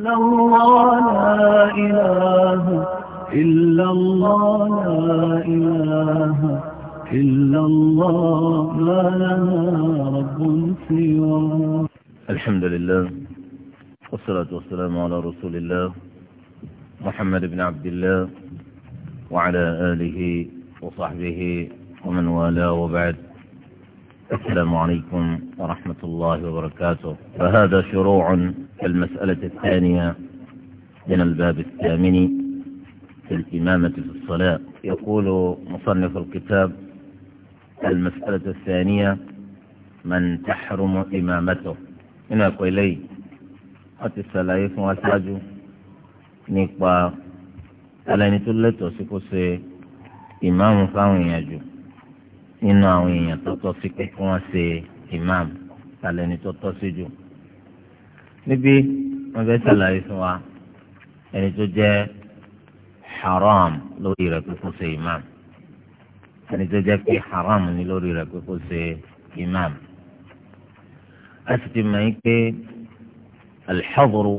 إلا الله لا إله إلا الله لا إله إلا الله ما لنا رب سواه الحمد لله والصلاة والسلام على رسول الله محمد بن عبد الله وعلى آله وصحبه ومن والاه وبعد السلام عليكم ورحمة الله وبركاته فهذا شروع المسألة الثانية من الباب الثامن في الإمامة في الصلاة يقول مصنف الكتاب المسألة الثانية من تحرم إمامته هنا لي أتي السلايف والحاج نقبا ألا نتلتو سي إمام فاوين يجو nínú àwọn èèyàn tó tọ́ sí pé kí wọ́n ṣe imam tàlẹ́ni tó tọ́ sí jù níbi wọ́n fẹ́ ṣàlàyé fún wa ẹni tó jẹ́ haram lórí rẹ̀ pé kó ṣe imam ẹni tó jẹ́ pé haram ni lórí rẹ̀ pé kó ṣe imam a sì ti mọ̀ yín pé alḥadru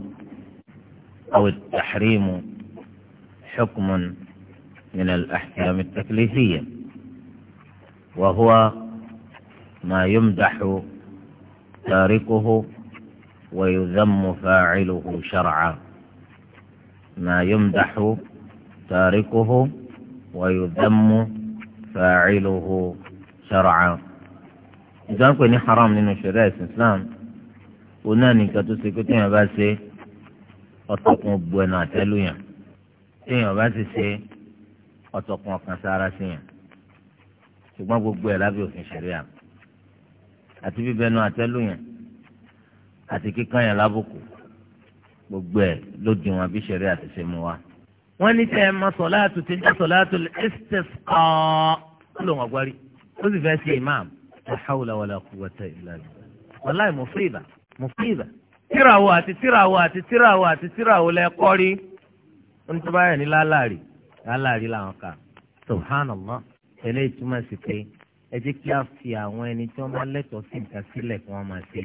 aw tahrimu xukmun min al-axkam at وهو ما يمدح تاركه ويذم فاعله شرعا ما يمدح تاركه ويذم فاعله شرعا إذا كان حرام من شريعة الإسلام قلنا أنك تسكتين بس بنا تلوين تين بس سي أتقن كسارة سين ṣùgbọ́n gbogbo ẹ̀ lábẹ́ òfin ṣẹ̀ríà àti bíbẹnu àtẹ́lù yẹn àti kíkan yẹn lábùkù gbogbo ẹ̀ ló di wọn bí ṣẹ̀ríà ti ṣe mú wa. wọ́n ní sẹ́ẹ̀ mọ sọ̀láàtù tí ń jẹ́ sọ̀láàtù istisqa ó lò wọ́n gbárí ó sì fẹ́ ṣe imam la hawla wala quwwata illa billah wàláì mufida mufida tíráwó àti tíráwó àti tíráwó àti tíráwó lẹ́kọ́rí ó ní tó bá yẹ ní láláàrí láláàrí làwọn kà subhanallah tẹ́lẹ̀ ìtumọ̀ sí pé ẹ jẹ́ kí a fi àwọn ẹni tí wọ́n bá lẹ́tọ̀ọ́ sí nǹkan sílẹ̀ kí wọ́n máa ṣe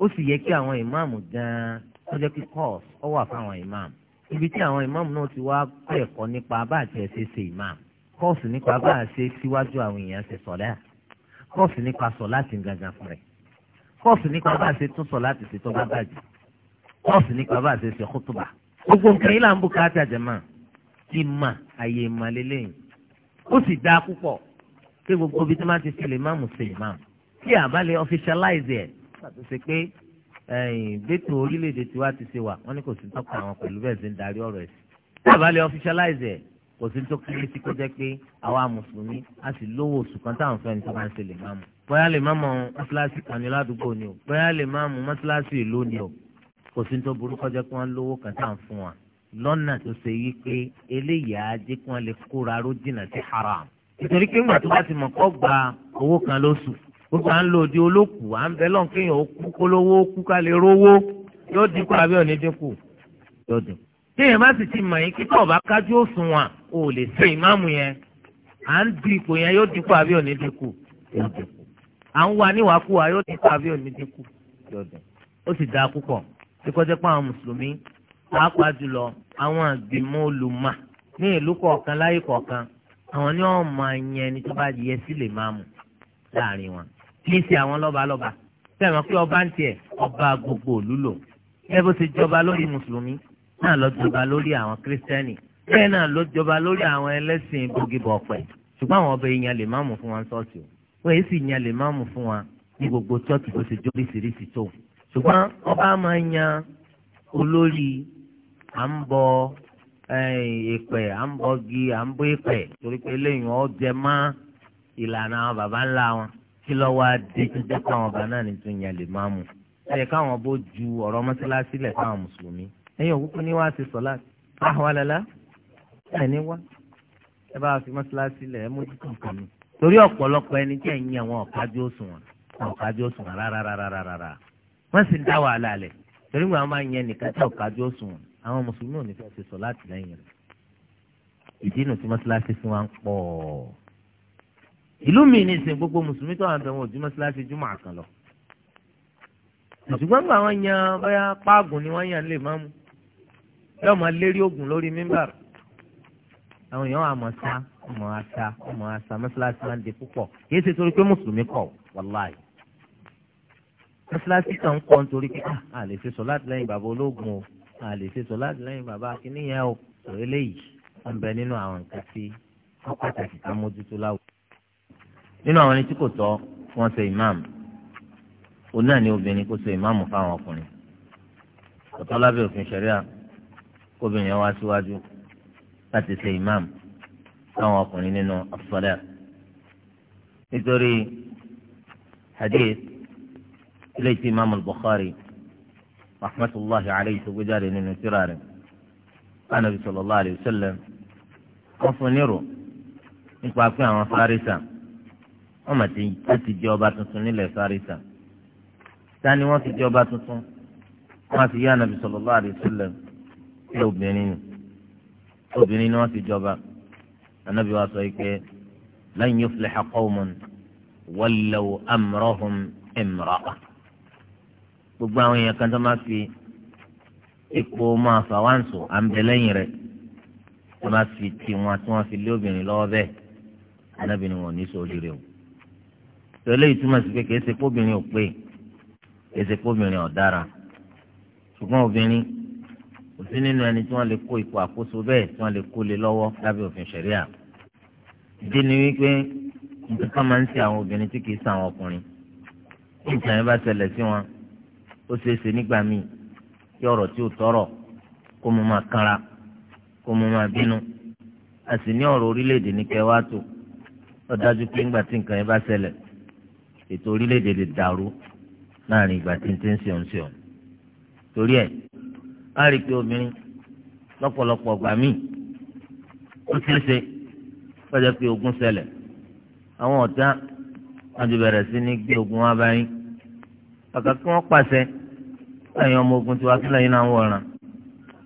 ó sì yẹ kí àwọn ìmáàmù gan-an tó jẹ́ pé course ó wà fáwọn ìmáàmù ibi tí àwọn ìmáàmù náà ti wá kọ́ ẹ̀kọ́ nípa bá ẹ̀ṣẹ̀ ṣe ìmáàmù course nípa bá a ṣe síwájú àwọn èèyàn ṣe sọ̀lá course nípa sọ láti gangan fún rẹ̀ course nípa bá a ṣe tún sọ láti ṣe tó bá bàjẹ́ course nípa bá a ṣe ṣe kútùbà gbogbo nǹkan yìí là ń bùkátà ó sì dáa púpọ̀ pé gbogbo ibi tí wọ́n ti ṣẹlẹ̀ máàmù ṣẹlẹ̀ máàmù tí àbálẹ̀ officialize ẹ̀ ṣàtò ṣe pé bẹ́tò orílẹ̀-èdè tí wàá ti ṣe wà wọ́n ní kò sí tọ́ka àwọn pẹ̀lú bẹ́ẹ̀ ṣe ń darí ọ̀rọ̀ ẹ̀sìn tí àbálẹ̀ officialize ẹ̀ kò sí tó kéré sí kó jẹ́ pé àwa mùsùlùmí a sì lówó oṣù kan táwọn fẹ́ni tó bá ń ṣe lè máàmù bóyá lè máàmù mọ́ṣáláṣí kan ní ládùúgbò ni o bóyá lè máàmù mọ́ṣáláṣí ìlú ni o kò sí tó burú kọjá pé wọ́n lówó kan táwọn fún wa lọ́nà tó ṣe yí pé eléyìí á jẹ́ kí wọ́n lè kóra ró jìnnà sí haram. nítorí pé ńgbà tó bá ti mọ̀ kọ́ gba owó kan lóṣù gbogbo à ń lò di olóòkú à ń bẹ lọ́n kéèyàn ó kú kólówó kú ká lè rówó yóò dínkù àbí òní dínkù yóò dínkù. téèyàn bá sì ti mọ̀ yín kí tó kájú òṣùwọ̀n o lè ṣe ìmáàmù yẹn à ń di ipò yẹn yóò dínkù àbí òní dínkù yóò dínkù. à ń wa níwàákúwà yóò dínkù àbí òní dínkù yóò dínkù. ó sì dáa púpọ̀ tí àwọn mùsùlùmí pàápàá jùlọ àwọn àgbìmọ̀ olùmọ̀ ní ìlú kọ̀ọ̀kan láyé kọ̀ọ̀kan àwọn ni wọ́n máa yan ẹni tó bá yẹ sí lè máa mú láàrin wọn kì í ṣe àwọn lọ́balọ́ba sẹ́wọ̀n pé ọba ń tiẹ̀ ọba gbogbo òlú lò ẹ bó ti jọba lórí mùsùlùmí náà lọ jọba lórí àwọn kírísítẹ́nì bẹ́ẹ̀ náà ló jọba lórí àwọn ẹlẹ́sìn bògìbọ̀pẹ̀ ṣùgbọ́n àwọn ọba èèyàn lè máàmù fún wọn ṣọ́ọ̀ṣì wọ́n èyí sì yan lè máàmù fún wọn ní gbogbo ṣọ́ọ̀ṣì tó ṣe jóríṣiríṣi tó ṣùgbọ́n ọba máa yan olórí à ń bọ eh, ìpè à ń bọ gi à ń bọ ìpè torí pé eléyìí wọn jẹ mọ́ ìlànà àwọn baba ńlá wọn kí lọ wá dé jíjẹ káwọn ọba náà ní tún yẹn lè máa mú ẹ káwọn bó ju ọ̀rọ̀ mọ́sálásí lẹ káwọn mùsùlùmí ẹ̀yin òkúkú ni wàá ti sọlá àwàlálá ẹ ní wá ẹ bá fi mọ́sálásí lẹ ẹ mójútó nǹkan mi torí ọ̀pọ̀lọpọ̀ ẹni tí ẹ̀yin yẹn wọn ọ̀kájú òṣùwọ̀n wọn ọ̀kájú rárá rárá rárá wọ́n sì ń dá wàhálà lẹ̀ torí wọn máa ń yẹn nìkan tí ọ̀kájú òṣùwọ̀n àwọn mùsùlùmí ò ní fẹ́ ṣe sọ láti lẹ́yìn rẹ̀ ìdí inú tí mọ́ṣáláṣí fún wa ń pọ̀ ìlú mi ní ìsìn gbogbo mùsùlùmí tó àwọn àbẹ̀wò ojú mọ́ṣáláṣí júmọ̀ àkàn lọ. ṣùgbọ́n àwọn yan bóyá páàgùn ni wọ́n yàn lè máa mú yóò máa lérí oògùn lórí mímbà àwọn èèyàn àmọ́ sá ọmọ asa ọmọ asa mọ́ṣáláṣí máa ń di púpọ̀ kìí ṣe torí pé mùsùlùmí kọ̀ wàláì mọ́ṣáláṣí kan ń kọ́ nítorí pé à ah, lè ṣe sọ láti lẹ́yìn bàbá ológun o a lè ṣe sọ láti lẹ́yìn bàbá kínní yẹn o sọ eléyìí wọn bẹ nínú àwọn nǹkan tí wọn pàtàkì ká mójútó láwùjọ. nínú àwọn ẹni tí kò tọ́ wọn ṣe ìmáàmù òun náà ni obìnrin kó ṣe ìmáàmù fáwọn ọkùnrin ọ̀tọ́ lábẹ́ òfin ṣẹ̀ríà kóbìnrin wá síwájú láti ṣe ìmáàmù fáwọn ọkùnrin nínú àfọlẹ́ nítorí hadith ilé tí ìmáàmù Bukhari rahmatulahi alayhi tó gbéjáde nínú tírà rẹ̀ anabi sallallahu alayhi wa sallam wọ́n fún nírò nípa pé àwọn fárísà wọ́n mà ti láti jẹ ọba tuntun nílẹ̀ fárísà tani wọ́n ti jẹ ọba tuntun wọ́n ti yá anabi sallallahu alayhi wa sallam ṣe obìnrin ni obìnrin ni wọ́n ti jọba anabi wa sọ pé lan yufliha qawmun wallaw amrahum imra'a gbogbo àwọn èèyàn kan tó máa fi epo máa fà wá nsò à ń bẹ lẹ́yìn rẹ̀ tó máa fi ti wọn tí wọ́n fi lé obìnrin lọ́wọ́ bẹ́ẹ̀ anábìnrin wọn ní sóríire o tẹ́lẹ̀ ìtumọ̀ sí pé kìí ṣe kóbìnrin ò pé kìí ṣe kóbìnrin ò dára ṣùgbọ́n obìnrin kò sí nínú ẹni tí wọ́n lè kó ipò àkóso bẹ́ẹ̀ tí wọ́n lè kó lé lọ́wọ́ lábẹ́ òfin ṣẹ̀ríà ìdí ni wípé nǹkan máa ń ṣe àwọn obìnrin tí kìí ṣe àwọn ọkùnrin nígbà yẹn bá ṣẹlẹ̀ sí wọn ó ṣeé ṣe nígbà míì kí ọ̀rọ̀ tí ò tọrọ kó mo máa kanra kó mo máa bínú a sì ní ọ̀rọ̀ orílẹ̀-èdè ní kẹwàá tó ó dájú pé ńgbà tí nǹkan yẹn bá ṣẹlẹ̀ ètò orílẹ̀-èdè lè dàrú láàrin ìgbà tí n ti ń ṣeun ṣeun torí ẹ̀ á rí i pé obìnrin lọ́pọ̀lọpọ̀ ọgbà míì ó ṣeé ṣe pẹ́jọ́ pé ogun ṣẹlẹ̀ àwọn ọ̀tá wọn ti bẹ̀rẹ̀ sí ní gbé ogun wá báyìí kàkà kí wọ́n pàṣẹ ẹ̀yin ọmọ ogun tiwa kí lẹ́yìn náà ń wọ̀ràn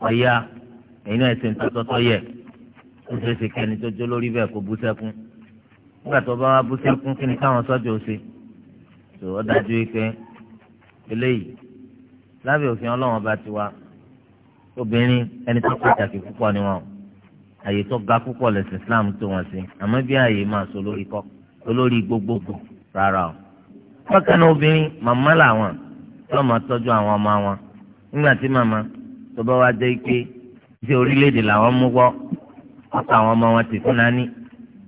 ọ̀ya ẹ̀yin náà ẹ̀sìn tọ́tọ́tọ́ yẹ ó ṣe é ṣe kẹ́ni tó jó lórí bẹ́ẹ̀ kó bú sẹ́kún nígbà tó bá wá bú sẹ́kún kí ni káwọn sọ́jà ó ṣe tó ó dájú pé eléyìí lábẹ́ òfin ọlọ́run ọba tiwa obìnrin ẹni tó pàtàkì púpọ̀ ni wọn àyè tó ga púpọ̀ lẹ́sìn Islam tó wọn sí àmọ́ bí àyè máa so lórí kọ́ olórí gbogbogbò rárá o bákan náà obìnrin màmá làwọn lọ́mọ tọ́jú àwọn ọmọ wọn nígbà tí màmá tó bá wá jẹ́ pé ṣé orílẹ̀-èdè làwọn mú wọ́ ọ̀pọ̀ àwọn ọmọ wọn ti fún nání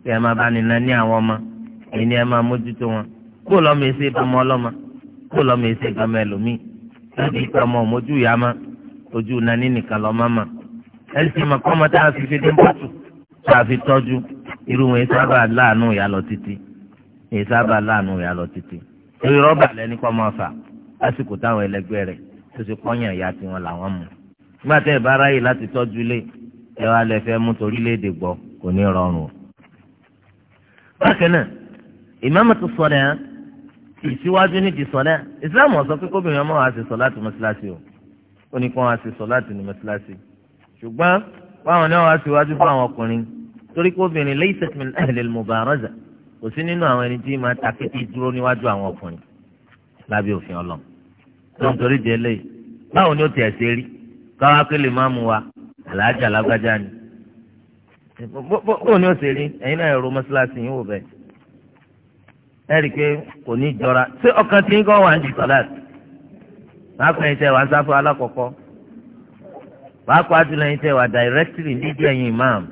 kí ẹ máa bá ní nání àwọn ọmọ èyí ni ẹ máa mójútó wọn kó lọ́mọ èsè bàmọ́ ọlọ́mọ kó lọ́mọ èsè bàmọ́ ẹlòmíì láti ìka ọmọ òmójú ìyá ma ojú nání nìkan lọ́mọ mà ẹ sì mọ̀ kọ́ ọmọ tá a fi fi dé pàtó tá a fi tọ́jú irú wọn èsì àbá láàánú ìyá lọ títí èsì àbá láàánú ìyá lọ títí orí rọ́bà lẹ́ni kọ́ máa fà lásìkò táwọn ẹlẹgbẹ́ rẹ̀ tó ti pọ́yàn ìyá tiwọn làwọn mú. nígbà tẹ́ ẹ bá ráyè láti tọ́jú ilé ẹ wá lẹ fẹ́ mú torílẹ̀-èdè gbọ́ kò ní rọrùn bákan náà ìmáàmù tó sọ dẹ́yà ìsíwájú ní sọ dẹ́yà ìsìláàmù ọ̀sán pé kóbìnrin ọmọ wa ti sọ láti mọ́síláṣí o ó ní kí wọ́n wá sọ láti mọ́síláṣí ṣùgbọ́n báwọn náà wá síwájú fún àwọn ọkùnrin torí kóbìnrin lẹ́yìn sẹ́tìmẹ́ntì kò sí nínú àwọn ẹni tí máa ta kété dúró níwájú àwọn ọkùnrin lábẹ́ òfin ọlọ́run tó ń torí délé báwo ni ó tiẹ̀ ṣe rí káwá pé lè má mu wa àlàájá lágbájá ni bó ni ó ṣe rí ẹ̀yin náà ẹ̀rọ mọ́ṣáláṣí yín wò bẹ́ẹ̀ ẹ rí i pé kò ní jọra ṣé ọkàn tí ń kọ́ wà ń di sọ́láàtì máa kọ́ ẹ̀yin tẹ́ wà ń sáfọ́ alákọ̀ọ́kọ́ pàápàá jùlọ ẹ̀yin tẹ́ wà dàírẹ́tìlì nídìí ẹ̀yin ìmáàmù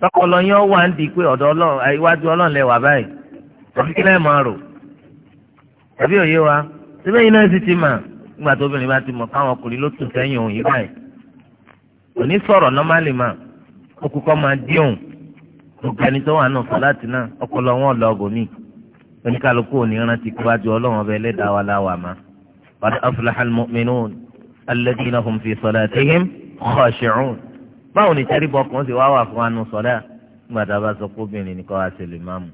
tọkọlọ yẹn wà ń di pé ọ̀dọ̀ ọlọ́run iwájú ọlọ́run lẹ wà báyìí àbí kí lẹ́ẹ̀ máa rò àbí òye wa síbẹ̀ yìí náà sì ti mà nígbà tó obìnrin bá ti mọ̀ káwọn ọkùnrin ló tún sẹ́yìn òun yìí báyìí òní sọ̀rọ̀ nọ́málì mà okùn kọ́ máa dí òun gbogbo ẹni tó wà náà fún láti náà ọpọlọ wọn lọ ọgọmí oníkàlùkù òní rántí pé wájú ọlọ́run ọbẹ̀ ẹlẹ́dàá wa láwàá mà wàdí afúláhàlmọ́mìnún alladhina fi salatihim khashi'un báwo ni tẹríba ọkàn ṣe wá wà fún anú sọlá nígbà tá a bá sọ pé obìnrin nìkan wá ṣe lè máàmù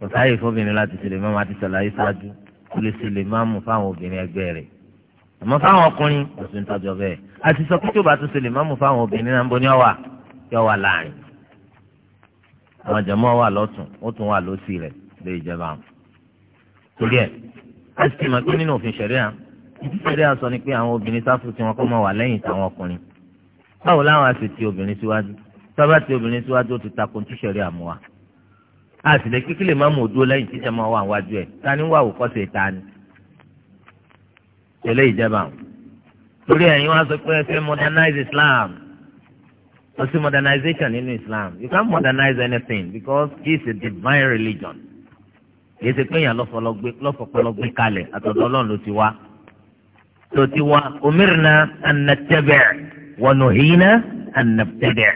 kò sáàyè fóbìnrin láti ṣe lè máàmù àti ṣàlàyé ṣáájú kó lè ṣe lè máàmù fáwọn obìnrin ẹgbẹ́ rẹ̀ àmọ́ fáwọn ọkùnrin kò sí ń tọ́jọ́ bẹ́ẹ̀ àti sọ pé tí o bá tún ṣe lè máàmù fáwọn obìnrin náà ń bọ ní ọwà yọ wà láàrin àwọn jẹmọ wà lọtún ó tún wà lọsí rẹ lè jẹba àwọn. torí ẹ báwo láwọn á sì ti obìnrin síwájú tọ́ba ti obìnrin síwájú ó ti ta kun tíṣẹ̀rí àmúwa a sì lè kíkí lè mú odó lẹ́yìn tíṣẹ̀ máa wà wájú ẹ̀ tani wà wò kọ́sẹ̀ tani tẹ̀lé ìjẹba àwọn. torí ẹ̀yin wá sọ pé ẹ fẹ́ modernize Islam ó sì modernization nínú Islam you can't modernize anything because this is divine religion kìí ṣe pé èèyàn lọ́fọ̀pọ̀lọ́gbé kalẹ̀ àtọ̀dọ̀ Ọlọ́run ló ti wá ló ti wá omirna an wọnú hìínà ànàbẹ̀dẹ̀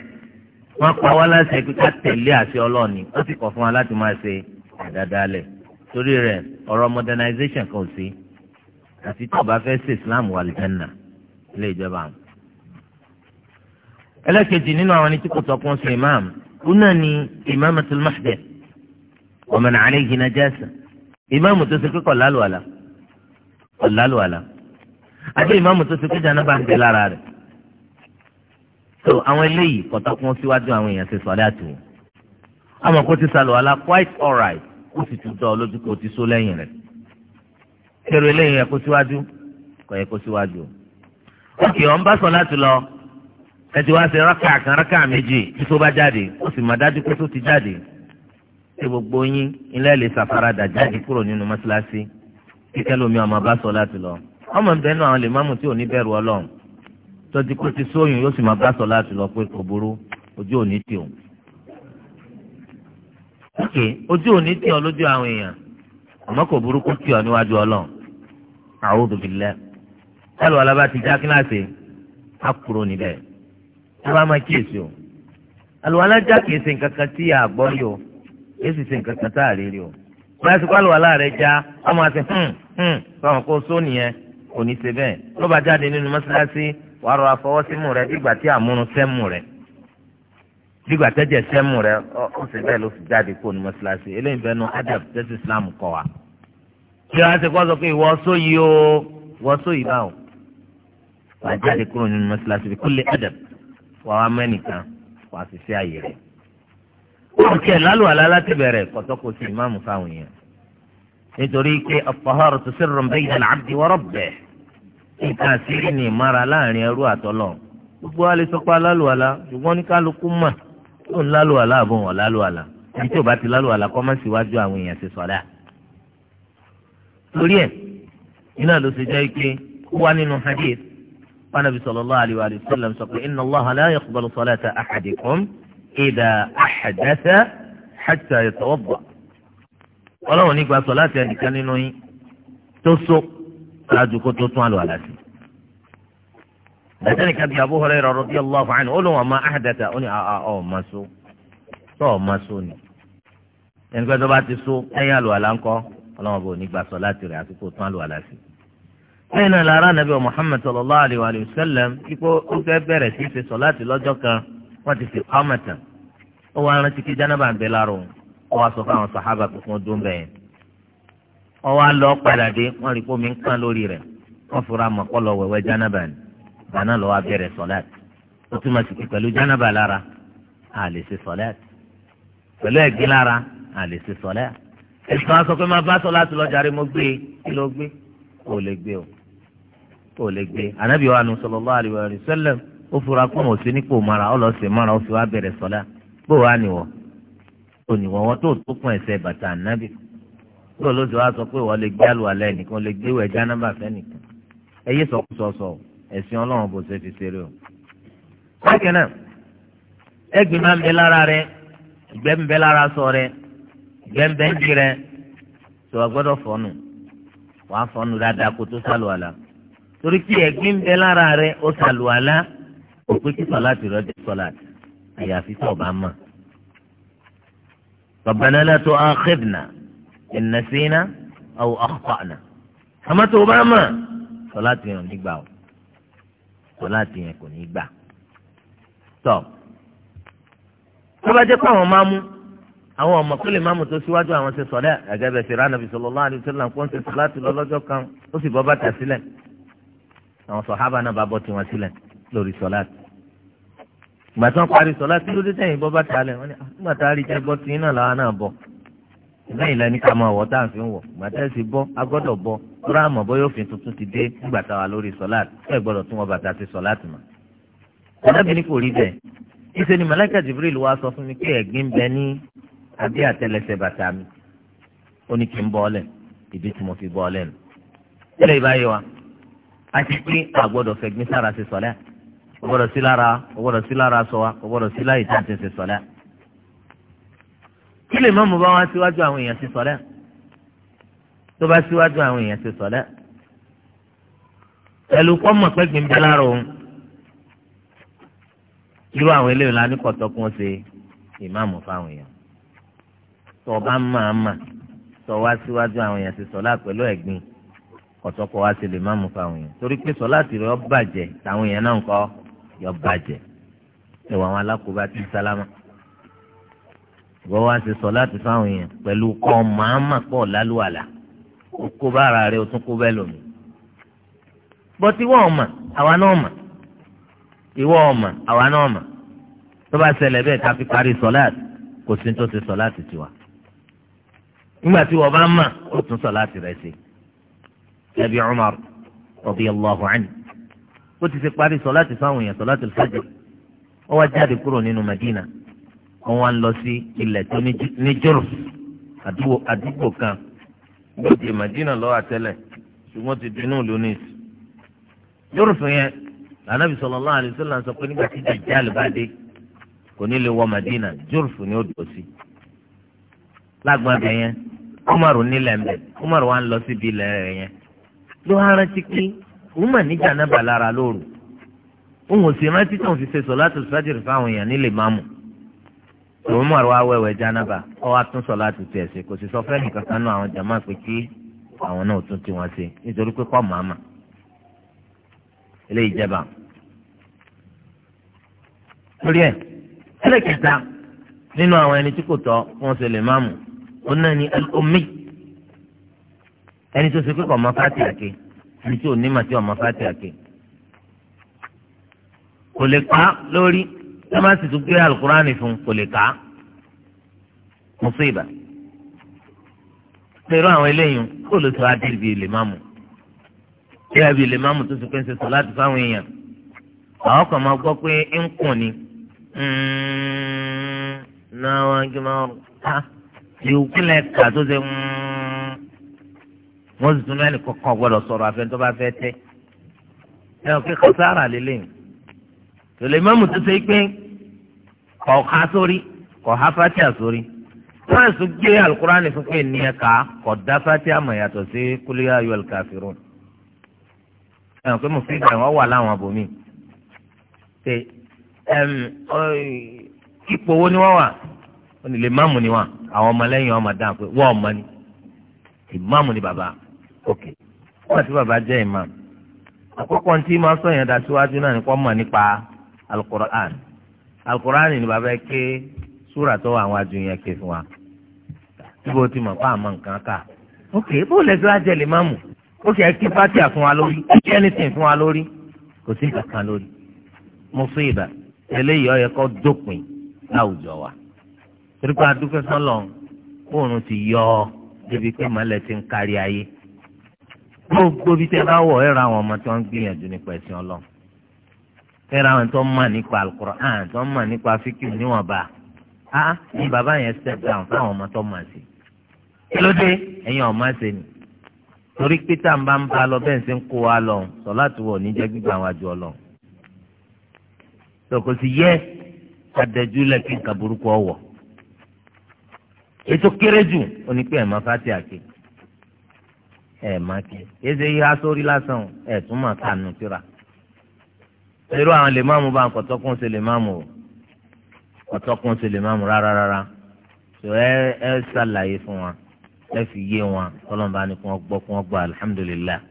wọn pa wá láṣẹ pé ká tẹ̀lé àṣẹ ọlọ́ọ̀ni wọn sì kọ̀ fún wa láti máa ṣe àdádálẹ̀ torí rẹ̀ ọ̀rọ̀ modernization kan ò sí àti tó o bá ṣe islam wà lẹ́nà ilé ìjọba àwọn. ẹlẹ́kejì nínú àwọn ẹni tí kò tọkun sí imam una ni imamatul mahdath wa man alayhi najasa imam tó ṣe pé lálùwàlà kò lálùwàlà àti imam tó ṣe pé jàǹdà bá ń bẹ lára rẹ̀ so àwọn eléyìí kọ̀tọ́kùn síwájú àwọn èèyàn ti sọ̀rọ̀ àti wọn. àmọ́ kó ti sàlọ̀ ọ̀la quite alright kó sì tún dán lójú kó ti só lẹ́yìn rẹ̀. kẹrù eléyìí yẹ kó síwájú kò yẹ kó síwájú. ókè ọ̀n bá sọ láti lọ ẹ ti wá ṣe rákà kan rákà méjì tí tó bá jáde ó sì má dájú pé tó ti jáde. ṣé gbogbo yín ilé lè ṣàfaradà jáde kúrò nínú mọ́ṣáláṣí kíkẹ́ lómi ọmọ bá sọ láti lọ. ọmọ bẹ́ẹ̀ náà lè má mú tí ò ní bẹ̀rù ọlọ́run tọ́jú pé ti sóyún yóò sì máa bá sọ láti lọ pé kò burú ojú òní tì òun. ok ojú òní tì ọ lójú àwọn èèyàn àmọ́ kò burú kó tì ọ níwájú ọlọ́run a'udhu billah tálọ̀ alábá ti já kíláàsì á kúrò níbẹ̀ ẹ bá máa kíyèsí o àlùwàlá já kìí ṣe nǹkan kan tí a gbọ́ yìí o kìí sì ṣe nǹkan kan tá a rí rí o báyìí sọ pé àlùwàlá rẹ já ọmọ àti hùn hmm, hùn hmm, fáwọn kó sóònì yẹn kò ní ṣe bẹ́ẹ̀ ló jáde nínú mọ́ṣáláṣí wàá rọra fọwọ́ símú rẹ dìgbà tí àmúrun sẹ́mù rẹ dìgbà tẹ́jẹ̀ sẹ́mù rẹ ó sì bẹ́ẹ̀ ló fi jáde kó ní mọ́ṣáláṣí eléyìí bẹ́ẹ̀ nu adab tẹ́sí islam kọ́ wa. kí wọ́n á ti kọ́ sọ pé ìwọ sóyí o ìwọ sóyí báwo wà á jáde kúrò nínú mọ́ṣáláṣí bí kúlẹ̀ adab wà á mẹ́nìkan wà á sì sí àyè rẹ̀. ó kẹ́ lálùwàlá láti bẹ̀rẹ̀ kọ́tọ́kọ́ sí ìmáàmù fáwọn èèyàn nítorí pé nǹkan àṣírí ni ìmára láàrin ẹrú àtọlọ gbogbo wa lè sọ pé alálùwàlà ṣùgbọ́n ní kálukú mà tó ń lálùwàlà àbọ̀ wọn lálùwàlà ẹni tí ò bá ti lálùwàlà kọ́ máa síwájú àwọn èèyàn ṣe sọ̀rọ̀ à. torí ẹ̀ iná ló ṣe jẹ́ pé ó wá nínú hadith panabi sallallahu alayhi wa sallam sọ pé inna Allaha la yaqbalu salata ahadikum idha ahdatha hatta yatawadda. ọlọ́run nígbà sọ láti ṣáájú kó tó tún àlọ́ àlàsì. Bàtẹ́ni kábíyà Abu Hurairah radiyallahu anhu ó lóun àmọ́ àdàtà ó ní ọ̀ ma so tó ọ̀ ma so ni. Ẹni pẹ́ tó bá ti so ẹ̀yìn àlọ́ àlá ńkọ́ ọlọ́wọ́n bò ní gbà sọ láti rẹ̀ àti kó tún àlọ́ àlàsì. Lẹ́yìn náà lára nàbí wa Muhammad sallallahu alayhi wa sallam kíkó ó fẹ́ ọwọ́ á lọ padà dé wọ́n rí pómi ń kán lórí rẹ̀ wọ́n fura mọ̀ kọ́ lọ wẹ̀wẹ̀ jánaba ni gbaná lọ wá bẹ̀rẹ̀ sọ̀láàt ó túmọ̀ sí pé pẹ̀lú jánaba lára a lè ṣe sọ̀láàt pẹ̀lú ẹ̀gbin lára a lè ṣe sọ̀láàt ẹ̀sìn kan sọ pé máa bá sọ̀láàt lọ jàre mo gbé e. kí ló gbé kó lè gbé o kó lè gbé anabi e. wa sallallahu alaihi wa sallam ó fura kó wọn sí nípò mara ó kúrò lójú wa sọ pé wọ́n lè gbé àlùwalẹ̀ nìkan lè gbé ìwẹ̀ jánábà fẹ́ nìkan ẹ yé sọkúsọsọ ẹ̀sìn ọlọ́run bó ṣe fi ṣeré o. bákan náà ẹgbẹ́ máa ń bẹ lára rẹ ìgbẹ́ ń bẹ lára sọ rẹ ìgbẹ́ ń bẹ ń jí rẹ tó o gbọ́dọ̀ fọ́nù wàá fọ́nù dáadáa kó tó sàlùwàlà torí kí ẹ̀gbin ń bẹ lára rẹ ó sàlùwàlà kò pé kí sọ̀láàtì àyàfi tó o bá mọ̀. ربنا لا تؤاخذنا ìnàsínà àwọn àkọ́kọ́nà àmọ́ tó o bá mọ̀ sọlá ti yàn nígbà o sọlá ti yàn kò ní gbà tọ́ tó bá jẹ́ pé àwọn máa mú àwọn ọmọ kó lè máa mú tó síwájú àwọn ṣe sọ̀rẹ́ àgẹ́bẹ̀ sí ránàbì sallallahu alaihi wasallam kó ń ṣe sọ̀rọ̀ láti lọ lọ́jọ́ kan ó sì bọ́ bàtà sílẹ̀ àwọn sọ̀hábà náà bá bọ́ tiwọn sílẹ̀ lórí sọ̀láàtì ìgbà tí wọ́n parí sọ̀láàtì lórí tẹ̀yìn bọ́ bàtà lẹ̀ wọ́n ní àgbàtà rí jẹ́ bọ́ tiyín làwọn náà bọ̀ lẹ́yìn lẹ́ni ká máa wọ̀ tá à ń fi wọ̀ gbàtẹ́sì bọ́ agbọ́dọ̀ bọ́ tóra bọ́ yóò fi tuntun ti dé nígbà wà lórí sọ́láàtì ẹ̀ gbọ́dọ̀ tún wọn bàtà ti sọ́láàtì mọ́. ọ̀dọ́bìnrin kò rí bẹ́ẹ̀ ìṣe ni màláíkà Jibril wá sọ fún mi pé ẹ̀gbin bẹ ní abẹ́ bàtà mi ó ní kí n bọ́ ọlẹ̀ tí mo fi bọ́ ọlẹ̀ nù. kí lè mọ́mú bá wá síwájú àwọn èèyàn ti sọ̀rẹ́ tó bá síwájú àwọn èèyàn ti sọ̀rẹ́ pẹ̀lú kọ́mọ̀ pẹ́gbìn bẹ́ẹ̀ lára òun irú àwọn eléyìí la ní kọ̀tọ́kùn ṣe ìmáàmù fáwọn èèyàn tó o bá máa mà tó o wá síwájú àwọn èèyàn ti sọ̀lá pẹ̀lú ẹ̀gbìn kọ̀tọ́kọ̀ wá sí lè fáwọn èèyàn torí pé sọ̀lá ti rẹ̀ ọ́ bàjẹ́ táwọn èèyàn náà ń kọ́ yọ bàjẹ́ ẹ̀wọ̀n àwọn alákòóbá ti sálámà ìwọ wá ṣe sọ láti fáwọn èèyàn pẹ̀lú kọ́ màámà pọ̀ lálùwàlà ó kó bára rẹ ó tún kó bẹ́ẹ̀ lómi. bọ́tí ìwọ ọ̀mà àwa náà mà ìwọ ọ̀mà àwa náà mà tó bá ṣẹlẹ̀ bẹ́ẹ̀ ká fi parí sọ́láàtì kò sí tó ṣe sọ́láàtì tiwa. nígbà tí wọ́n bá mà ó tún sọ́láàtì rẹ̀ ṣe. ẹbí Umar radiyallahu anhu ó ti ṣe parí sọ́láàtì fáwọn èèyàn sọ́láàtì al-fajr ó wá jáde kúrò nínú Madina. wọn wá ń lọ sí ilẹ̀ tó ní àdúgbò kan lóde Madina lọ́wọ́ àtẹ́lẹ̀ ṣùgbọ́n ti dunú lunis. jọ́rọ̀ fún yẹn Ànábì sallallahu alaihi wasallam sọ pé nígbà tí Dajjal bá dé kò ní lè wọ Madina fún ni ó dùn sí. yẹn Umaru nílẹ̀ ń Umaru wá ń lọ síbi ilẹ̀ rẹ̀ yẹn ló wá rántí pé òun mà níjà náà bà lára lóru òun ò sì rántí fi ṣe Umar wá wẹ̀wẹ̀ jánábà ó wá tún sọ láti tiẹ̀ sí kò sì sọ fẹ́ẹ̀nì kankan náà àwọn jàmáà pé kí àwọn náà tún ti wọn sí nítorí pé kọ́ màmá eléyìí jẹba. torí ẹ ẹlẹ́kẹta nínú àwọn ẹni tí kò tọ́ wọn ṣe lè máàmù ó náà ní omi ẹni tó ṣe pé ọmọ fáti àké ẹni tí ò ní màtí ọmọ fáti àké kò lè pa lórí ẹ má sì tún gbé alukurani fún kò lè kà á mùsíbà pẹ̀lú àwọn eléyìí kó ló sọ adé bíi lè má mu bíi bíi lè má mu tó ti pé ń ṣe sọ láti fáwọn èèyàn àwọn kan máa gbọ́ pé ń kùn ni hmm, náà wọn kí máa ta ìwúkílẹ̀ kà tó ṣe hmm. wọ́n sì tún lẹ́nu kọ̀ọ̀kan gbọ́dọ̀ sọ̀rọ̀ àfẹ́ńtọ́ bá fẹ́ tẹ́ ẹ̀ ọ́ kí kọ́sára lélẹ́yìn tòlè mọ́mù tó ṣe pé kọ̀ọ̀ká sórí kọ̀ọ̀há fatia sórí wọ́n ẹ̀sùn gbé alukurani fún pé ní ẹ̀ka kọ̀dá fatia mọ̀ yàtọ̀ sí kúlíyà ayọ̀ alkafirun ẹ̀hún pé mo fi gbà wọ́n wà láwọn abòmí ṣe ipò wo ni wọ́n wà wọ́n ní lè mọ́mù ni wọ́n àwọn ọmọlẹ́yìn ọmọ dáhùn pé wọ́n ọmọ ni ìmọ̀mù ni bàbá òkè wọ́n ti bàbá jẹ́ ìmọ̀mù àkọ́kọ́ ntí máa sọ yẹn dá síwájú náà ni kò nípa alukur'an alukur'an ni bàbá yẹ ké súrà tó wà àwọn adùn yẹn ké fún wa síbi o ti mọ̀ fún àmọ́ nǹkan ká ok bó lẹ́sẹ̀ á jẹ lè má mú ó kì í kí pátíà fún wa lórí ó kí anything fún wa lórí kò sí nǹkan kan lórí mo fún ìbà eléyìí ọyẹ kó dópin láwùjọ wa torí pé adúpẹ́ sọ́lọ̀ oòrùn ti yọ ọ débi pé mọ́lẹ̀ ti ń kárí ayé gbogbo bí tẹ́ bá wọ̀ ẹ́ ra àwọn ọmọ tí wọ́n ń gbìyànjú nípa ẹ̀sìn ọlọ́run kẹ́ra àwọn tó ń mọ̀ nípa alukur'an tó ń mọ̀ nípa fíkìú níwọ̀nba á ní bàbá yẹn step down fáwọn ọmọ tó mọ̀ sí. kí ló ẹ̀yin ọmọ ṣe ni torí pété à ń bá ń ba lọ bẹ́ẹ̀ ṣe ń kó wa lọ sọ láti wọ̀ níjẹ́ gbígbà wa jù ọ lọ. tó kò sì yẹ adẹ́jú lẹ́kí nǹkan burúkú ọ̀wọ̀ ètò kéré jù ó ní pé ẹ̀ máa àké ẹ̀ ké ẹ̀ yíyá sórí lásán ẹ̀ tún máa kà irú àwọn lè máàmù bá kọ̀tọ́kùn ṣe lè máàmù o kọ̀tọ́kùn ṣe lè máàmù rárá rárá tó ẹ ẹ ṣàlàyé fún wa ẹ fi yé wọn kọ́lọ́mbà ni kí wọ́n gbọ́ kí wọ́n gbọ́ alihamudulilayi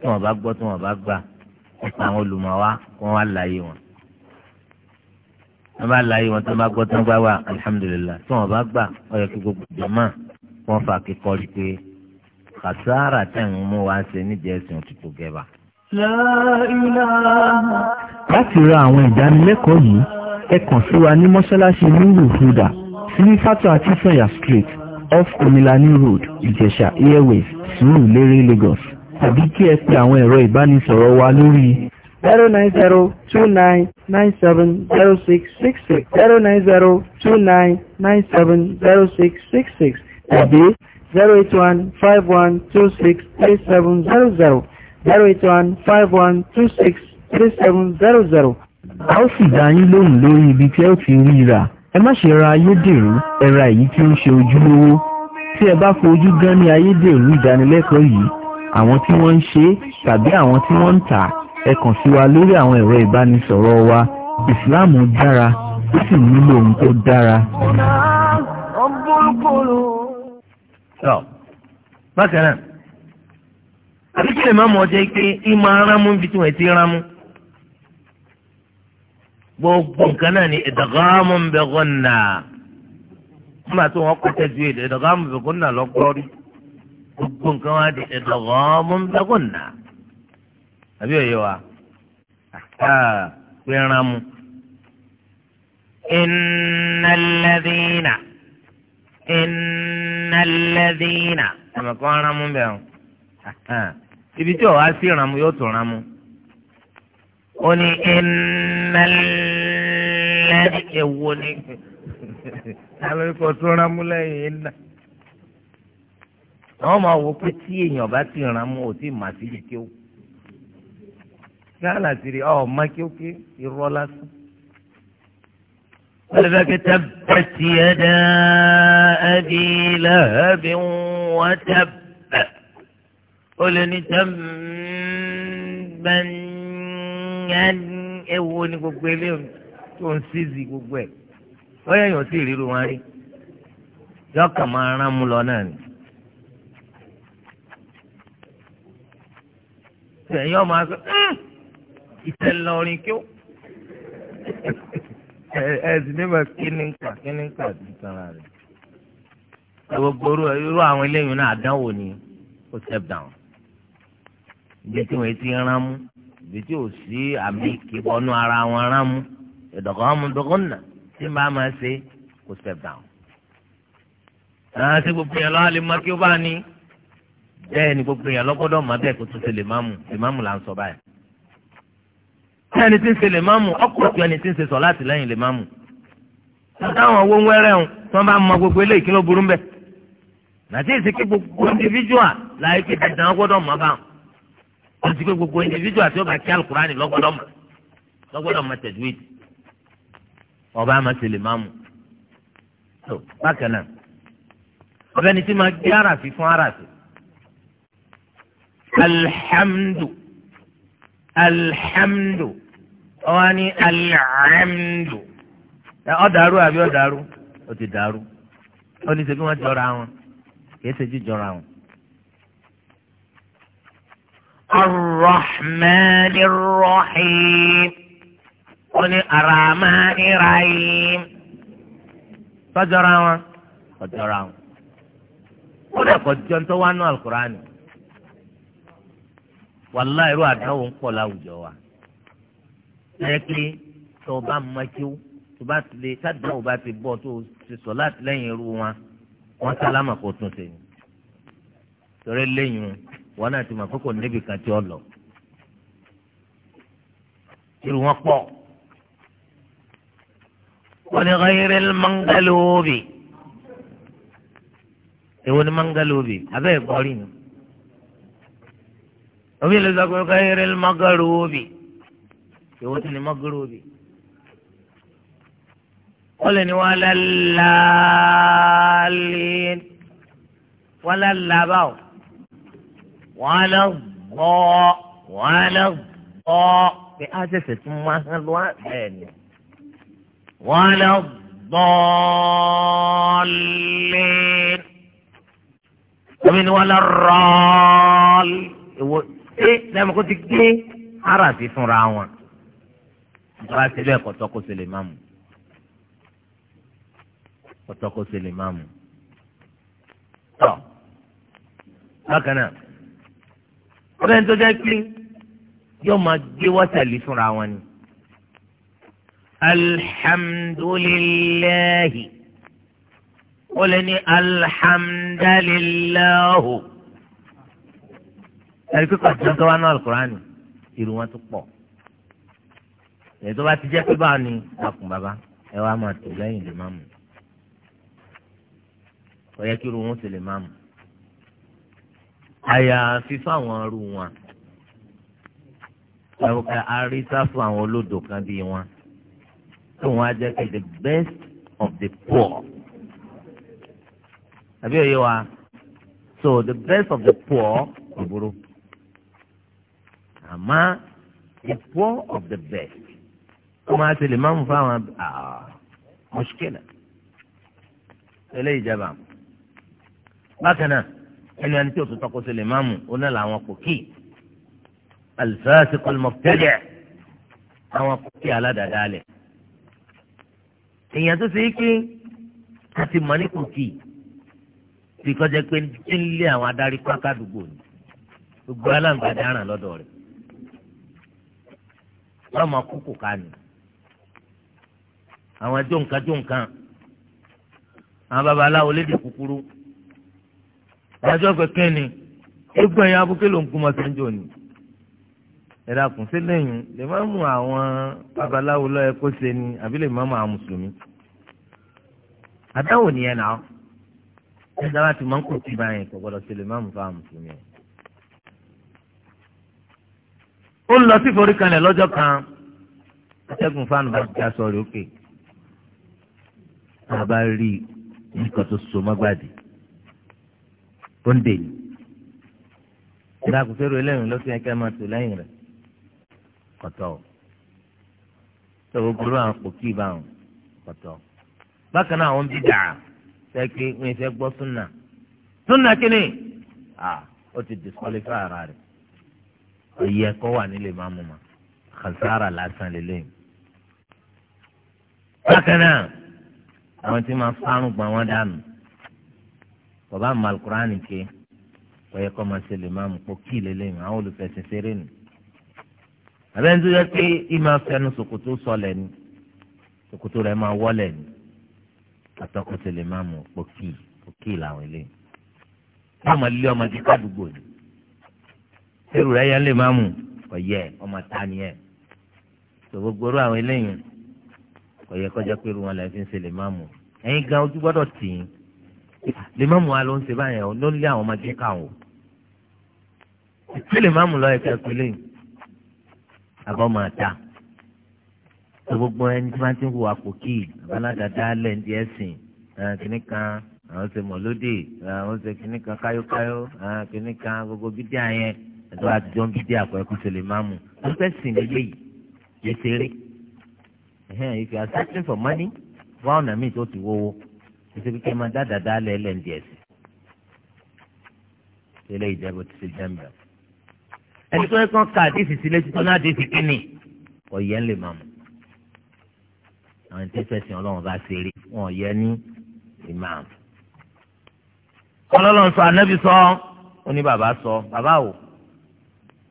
tí wọ́n bá gbọ́ tí wọ́n bá gbà àwọn olùmọ̀ wa kí wọ́n wá láyé wọn wọ́n bá láyé wọn tí wọ́n bá gbọ́ tí wọ́n gbà wá alihamudulilayi tí wọ́n bá gbà ó yẹ kí gbogbo jọ̀mọ́ wọ́n fà kíkọ́ rí pé kàtàrà tẹ̀ ń mú wa ṣe nídìí ẹ̀sìn òtútù gẹ̀bà láti ra àwọn ìdánilẹ́kọ̀ọ́ yìí ẹ kàn sí wa ní mọ́ṣáláṣí nílùú huda sí fátó àti sọ̀yà street off omilani road ìjẹ̀ṣà airways sùúrù lérè lagos tàbí kí ẹ pe àwọn ẹ̀rọ ìbánisọ̀rọ̀ wa lórí 09029970666 09029970666 tàbí 08151263700. 08151263700. a ó sì dá yín lóhùn lórí ibi tí ẹ ó ti rí rà ẹ má ṣe ra ayédèrú ẹ ra èyí tí ó ń ṣe ojúlówó tí ẹ bá fojú gan ní ayédèrú ìdánilẹ́kọ̀ọ́ yìí àwọn tí wọ́n ń ṣe tàbí àwọn tí wọ́n ń tà ẹ kàn sí wa lórí àwọn ẹ̀rọ ìbánisọ̀rọ̀ wa ìsìláàmù dára ó sì nílò ohun tó dára. bákan náà àbí kí lè má mọ̀ jẹ́ pé ìmọ̀ arámú bí tí wọ́n ti rámú. gbogbo nǹkan náà ni ìdàgámù ń bẹ gọ́nà nígbà tí wọ́n kọ́ tẹ́jú èdè ìdàgámù bẹ gọ́nà lọ́gbọ́rí gbogbo nǹkan wá di ìdàgámù ń bẹ gọ́nà àbí òye wa pé rámú. inna alladhina inna alladhina àmọ̀kọ́ rámú bẹ̀rù ibi tí ọ̀há sí ìrànmú yóò tún rànmú. ó ní ìnàlẹ́ ewo ni alóríkọ tó rànmú lẹ́yìn ìnà. àwọn máa wò pé tí èèyàn bá ti rànmú ò tí ì má sí ibi tí ó. yálà rí ọ má kí ó ké irọ́ lásán. فلك تبت يدا أبي لهب وتب ó lè ní tẹ́mbẹ́ngẹ́n ewu ní gbogbo eléyìí tó ń ṣíìsì gbogbo ẹ̀ ó yẹ yàn sí ìrírí wọn rí yọkàn máa rán mú lọ náà ni. ẹ̀yin ọmọ akọ hmm, ìtẹ̀lẹ̀ orin kí ó ẹ̀sìn nígbà kíní nkà kíní nkà nìkanra rẹ̀ gbogbo irú àwọn eléyìí náà àdánwò ni ó step down ibi tí wọ́n ti rán mú ibi tí ò sí àmì kíkọ́nú ara wọn rán mú ìdọ̀kọ́ mú dọ́gọ́nà tí n bá máa ṣe kó step down. àwọn tí gbogbo yẹn lọ́wọ́ lè mọ kí ó bá ní bẹ́ẹ̀ ni gbogbo yẹn lọ́gbọ́dọ̀ mọ bẹ́ẹ̀ kó tún ṣe lè má mú lè má mú là ń sọ báyìí. tí ẹni tí ń ṣe lè má mú ọkùnrin tí ẹni tí ń ṣe sọ láti lẹ́yìn lè má mú. táwọn owó wẹ́rẹ́ ń tí wọ́n bá mọ gbogbo eléyìí kí ló burú ń bẹ̀. nàti ìsìnkú gbogbo individual láì fi dandan gbọ́dọ̀ mọ báwọn wọ́n ti pé gbogbo individual àti ọba kí alukurani lọ́gbọ́dọ̀ mọ̀ lọ́gbọ́dọ̀ mọ̀ tajwid ọba àmà máa mú. bákan náà ọbẹ̀ ni tí máa gbé arafi fún arafi alhamdu alhamdu ọwọ́ ni alhamdu ọ̀dàrú àbí ọ̀dàrú ó ti dàrú ó ní sẹ́bí wọ́n jọra wọn kìí ṣe jíjọra wọn. الرحمن الرحيم قل الرحمن الرحيم tọ́jọ́ra wọn kọjọ́ra wọn kódà kọjọ́ ń tọ́ wá nù alukur'ani wàlá irú àdáwò ń pọ̀ láwùjọ wa ẹ pé tó o bá mọ́kíw tó bá ti lè sádùúgbò bá ti bọ̀ tó ti sọ láti lẹ́yìn irú wọn wọ́n sálámà kó tún ṣe torí lẹ́yìn wọn wọn náà ti mọ̀ pé kò níbi kan tí ó lọ irú wọn pọ̀ wọn ni ghayri mangalubi èwo ni mangalubi abẹ́ ìgbọ́rí ni òbí lè sọ pé ghayri mangalubi èwo tún ni mangalubi wọ́n lè ní wọ́n ولا الضاء ولا الضاء بأساس اسمها الواء وعلى ولا الضالين ومن ولا الرال ايه لما كنت كده عرفي فنرا وان عرفي ليه كنت اقول سليمان كنت اقول سليمان طب هكذا ọ̀rẹ́ tó jẹ́ pé yóò máa gbé wọ́tàlì fúnra wọn ni. alhamdulilayi ó lè ní alhamdulilahu ẹ̀rí pípa tí wọ́n tó wá náà alukur'ani irun wọn tó pọ̀ èyí tó bá ti jẹ́ pé báwo ni àkùn bàbá ẹ wá máa tò lẹ́yìn lè má mú ọ yẹ kí irun wọn sì lè má mú àyàfi fáwọn arú wọn àrísá fún àwọn olódò kan bíi wọn tó wọn á jẹ́ pé the best of the poor àbí òye wa so the best of the poor kò burú àmọ́ the poor of the best kó máa ṣe lè má mú fáwọn mọ̀ṣíkìlà eléyìí jẹba bákan náà ẹnu ẹni tí o tún tọkọ sí lè máàmù ó náà làwọn kò kí alifasi kọlmọtẹlẹ àwọn kò kí aládàádáalẹ èèyàn tó ṣe é pé a ti mọ ní kò kí bí kọjá pé tí ń lé àwọn adarí pákà dùgbò ni gbogbo aláǹgbàdì àràn lọ́dọ̀ rẹ̀ wọn máa ká ni àwọn jónkàjónkàn àwọn babaláwo lédè kúkúrú ẹ̀dájọ́ kẹ̀kẹ́ ni egbò ẹ̀yà abúké ló ń kú mọ́sánjọ́ ni ẹ̀dá kùn sí lẹ́yìn lè má mú àwọn babaláwo lọ́yẹ kó ṣe ni àbí lè má mú àwọn mùsùlùmí àdáwò nìyẹn náà ẹ̀dá wa ti máa ń kó tì báyìí kò gbọdọ̀ ṣe lè má mú fáwọn mùsùlùmí ẹ̀. ó ń lọ sí ìforíkanlẹ̀ lọ́jọ́ kan atẹ́gùn fáànù bá ti aṣọ rẹ̀ òkè àbá rí nǹkan tó so mọ́gbàdì tó ń dè ní. ìdàkùsẹ́rù eléyìn ló fi ẹ̀kẹ́ máa tò lẹ́yìn rẹ̀ kọ̀tọ̀ tó gbogbo àwọn kò kí ibà wọn kọ̀tọ̀. bákan náà àwọn bídà fẹ́ pé wọ́n fẹ́ gbọ́ súnà súnà kínní ó ti disqualify ara rẹ̀ òye ẹ̀kọ́ wà nílé máa mú ma kàlsára lásán lélẹ́yìn. bákan náà àwọn tí máa fárùn gbọ̀n wọn dànù bàbá àmà alukur'an ké wọ́n yẹ kọ́ máa ṣe lè máa mú pọ̀ kí lélẹ́yìn àwọn olùfẹ̀sìn ṣeré nù. àbẹ́ni tó yẹ pé ìmọ̀ fẹnu sòkòtò sọlẹ̀ ni sòkòtò rẹ̀ máa wọ́lẹ̀ ni àtọ́kùn ṣe lè máa mú pọ̀ kí pọ̀ kí làwọn eléyìí. wọ́n máa lé ọmọ kíkà ni. èrò rẹ̀ yẹn lè máa mú ọ̀yẹ́ ọmọ ta ni ẹ̀. sọ gbogbo irú àwọn eléyìí kò yẹ kọjá pé irú wọn lẹ́ fi ń ṣe lè máa mú ẹ̀yin gan ojú gbọ́dọ̀ tì í lè má mu wa ló ń ṣe báyẹn o ló ń lé àwọn ọmọ jẹ́ káwọn o tí lè má mu lọ ẹ̀ka ìpínlẹ̀ yìí àbọ̀ máa ta tó gbogbo ẹni tí wọ́n ti ń hùwà kò kí aládàáda lẹ́ǹdí ẹ̀sìn kìnnì kan àwọn ṣe mọ̀lódì àwọn ṣe kìnnì kan káyókáyó kìnnì kan gbogbo bídíà yẹn ẹ̀dọ́ àtijọ́ bídíà kọ́ ẹ̀kú ṣe lè má mu wọ́n fẹ́ sìn nílé yìí yẹ ṣeré if you are searching for money wọ́n ọ̀nà míì tó ti wọ́wọ́ títí kíkẹ́ máa dáadáa dálẹ̀ lẹ́ǹdíẹ̀ sí ilé ìjẹ́bù ti ṣe jẹ́mbẹ̀. ẹni tó yẹ kán ka àdéhìí sí létí tó náà déhìí kínní ọ̀yẹ́ ń lè máa mọ̀ àwọn tí fẹ̀sìn ọlọ́run bá ṣe rí wọn ọ̀yẹ́ ní ìmáàmù. ọlọ́run sọ ànábì sọ ó ní bàbá sọ bàbá wò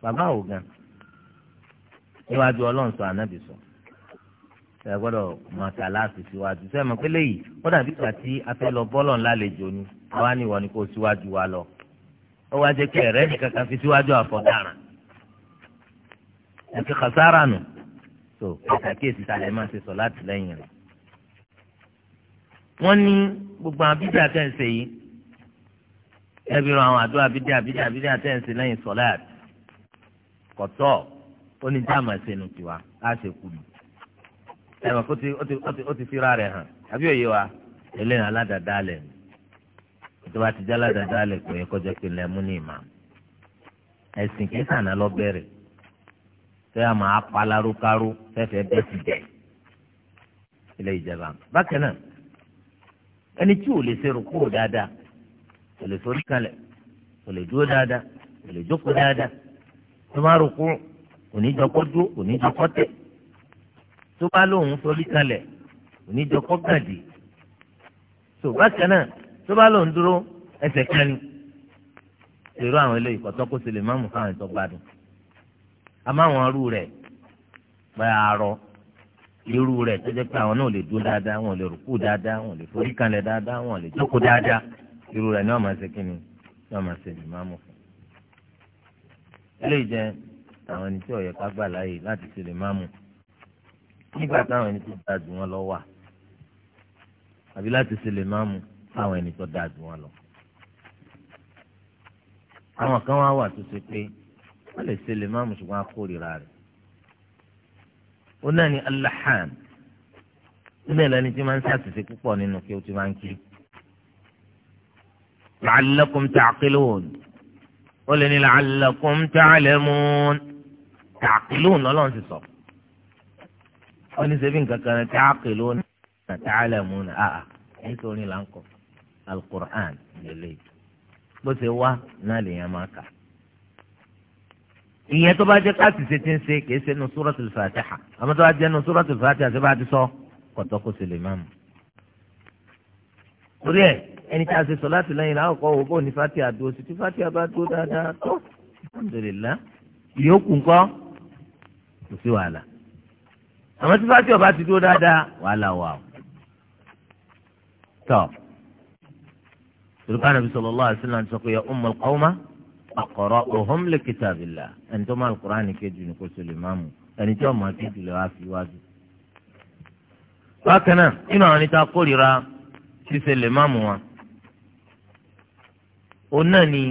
bàbá wò gan níwájú ọlọ́run sọ ànábì sọ ẹ gbọ́dọ̀ màtà láti síwájú sẹ́mi pélé yìí ó dàbí ìgbà tí a fẹ́ lọ bọ́lọ̀ ńlálejò ni àwa ni ìwọ ni kò síwájú wa lọ ó wá jẹ́ kí ẹ̀rẹ́ nìkan kan fi síwájú àfọ̀dáràn ẹ̀kẹ́ kàsára nù tó àkàkíyèsí ta lè máa ṣe sọ láti lẹ́yìn rẹ̀. wọ́n ní gbogbo àwọn bídíà tẹ̀ ṣe yìí ẹbí ran àwọn àdúrà bídíà bídíà bídíà tẹ̀ ń ṣe lẹ́yìn sọ́láàtì kọ̀tọ́ ó ní dáàmà ṣẹnu tiwa á kùnú ẹ̀mọ̀ kó ó ti fira rẹ̀ hàn àbí òye wa eléyìí aládàáda lẹ̀ tó bá ti jẹ́ aládàáda lẹ̀ kò yẹ kọjá pé lẹ́mú ní ìmọ̀ ẹ̀sìn kìí sànà lọ bẹ̀rẹ̀ tẹ́ a máa pa lárúkárú fẹ́fẹ́ bẹ́ẹ̀ ti bẹ̀ ilé ìjẹba bákan náà ẹni tí ò lè ṣe rúkúrò dáadáa ò lè forí kalẹ̀ ò lè dúró dáadáa ò lè jókòó dáadáa tó máa rúkúrò kò ní jọ kó dúró kò ní jọ kó tẹ̀ tó bá lóun forí kalẹ̀ oníjọ kọ́gàdì tó bákan náà tó bá lóun dúró ẹsẹ̀ kan èrò àwọn eléyìí kọ́tọ́ kó ṣe lè má mú káwọn ìtọ́ gbádùn àmọ́ àwọn arú rẹ̀ pẹ́ àárọ̀ irú rẹ̀ tó jẹ́ pé àwọn náà lè dúró dáadáa wọn lè rùkú dáadáa wọn lè forí kalẹ̀ dáadáa wọn lè jókòó dáadáa irú rẹ̀ ni wọ́n máa ṣe kí ni wọ́n máa ṣe lè má mú fún eléyìí jẹ́ àwọn ẹni tí ó ká gbà láàyè láti ṣe lè má mú fún nígbà táwọn ẹni tó dáa jù wọn lọ wà àbí láti ṣe lè máa mú fáwọn ẹni tó dáa jù wọn lọ. àwọn kan wá wà tó ṣe pé wọ́n lè ṣe lè máa mú ṣùgbọ́n akórira rẹ̀. ó náà ní alahan ilé ìlànà tí máa ń ṣàṣìṣe púpọ̀ nínú kí ó ti máa ń kí. la'allakum ta'qilun ó lè ní la'allakum ta'lamun ta'qilun lọ́lọ́run ti sọ̀rọ̀ wọ́n ní sẹ́fìn kankan tí a kè lónìí tí a lè mú un àà ẹ̀yìn tó ní lankọ alukur'an lélẹ̀ bó ṣe wá náà lè yẹn máa kà. ìyẹn tó bá jẹ́ ká sì ṣe ti ń ṣe kì í ṣe nu suratul fatiha àmọ́ tó bá jẹ́ nu suratul fatiha ṣe bá ti sọ kọ̀tọ́ kó ṣe lè má mu. torí ẹ ẹni tí a ṣe sọ láti lẹ́yìn láwùkọ wo bó ní fatiha dúró sí tí fatiha bá dúró dáadáa tó alhamdulillah ìyókù ńkọ́ kò sí wàhálà àmọ́ tí fati ọba ti dúró dáadáa wàhálà wà o tọ turkan nabi sallallahu alaihi wasallam sọ pé ya ummul qawma aqra'uhum li kitabillah ẹni tó máa alukur'an kejì ní kò sí lè máa mú ẹni tí ọmọ kejì lè wá fi wájú. bákan náà nínú àwọn níta kórìíra ṣíṣe lè máa wa òun náà ni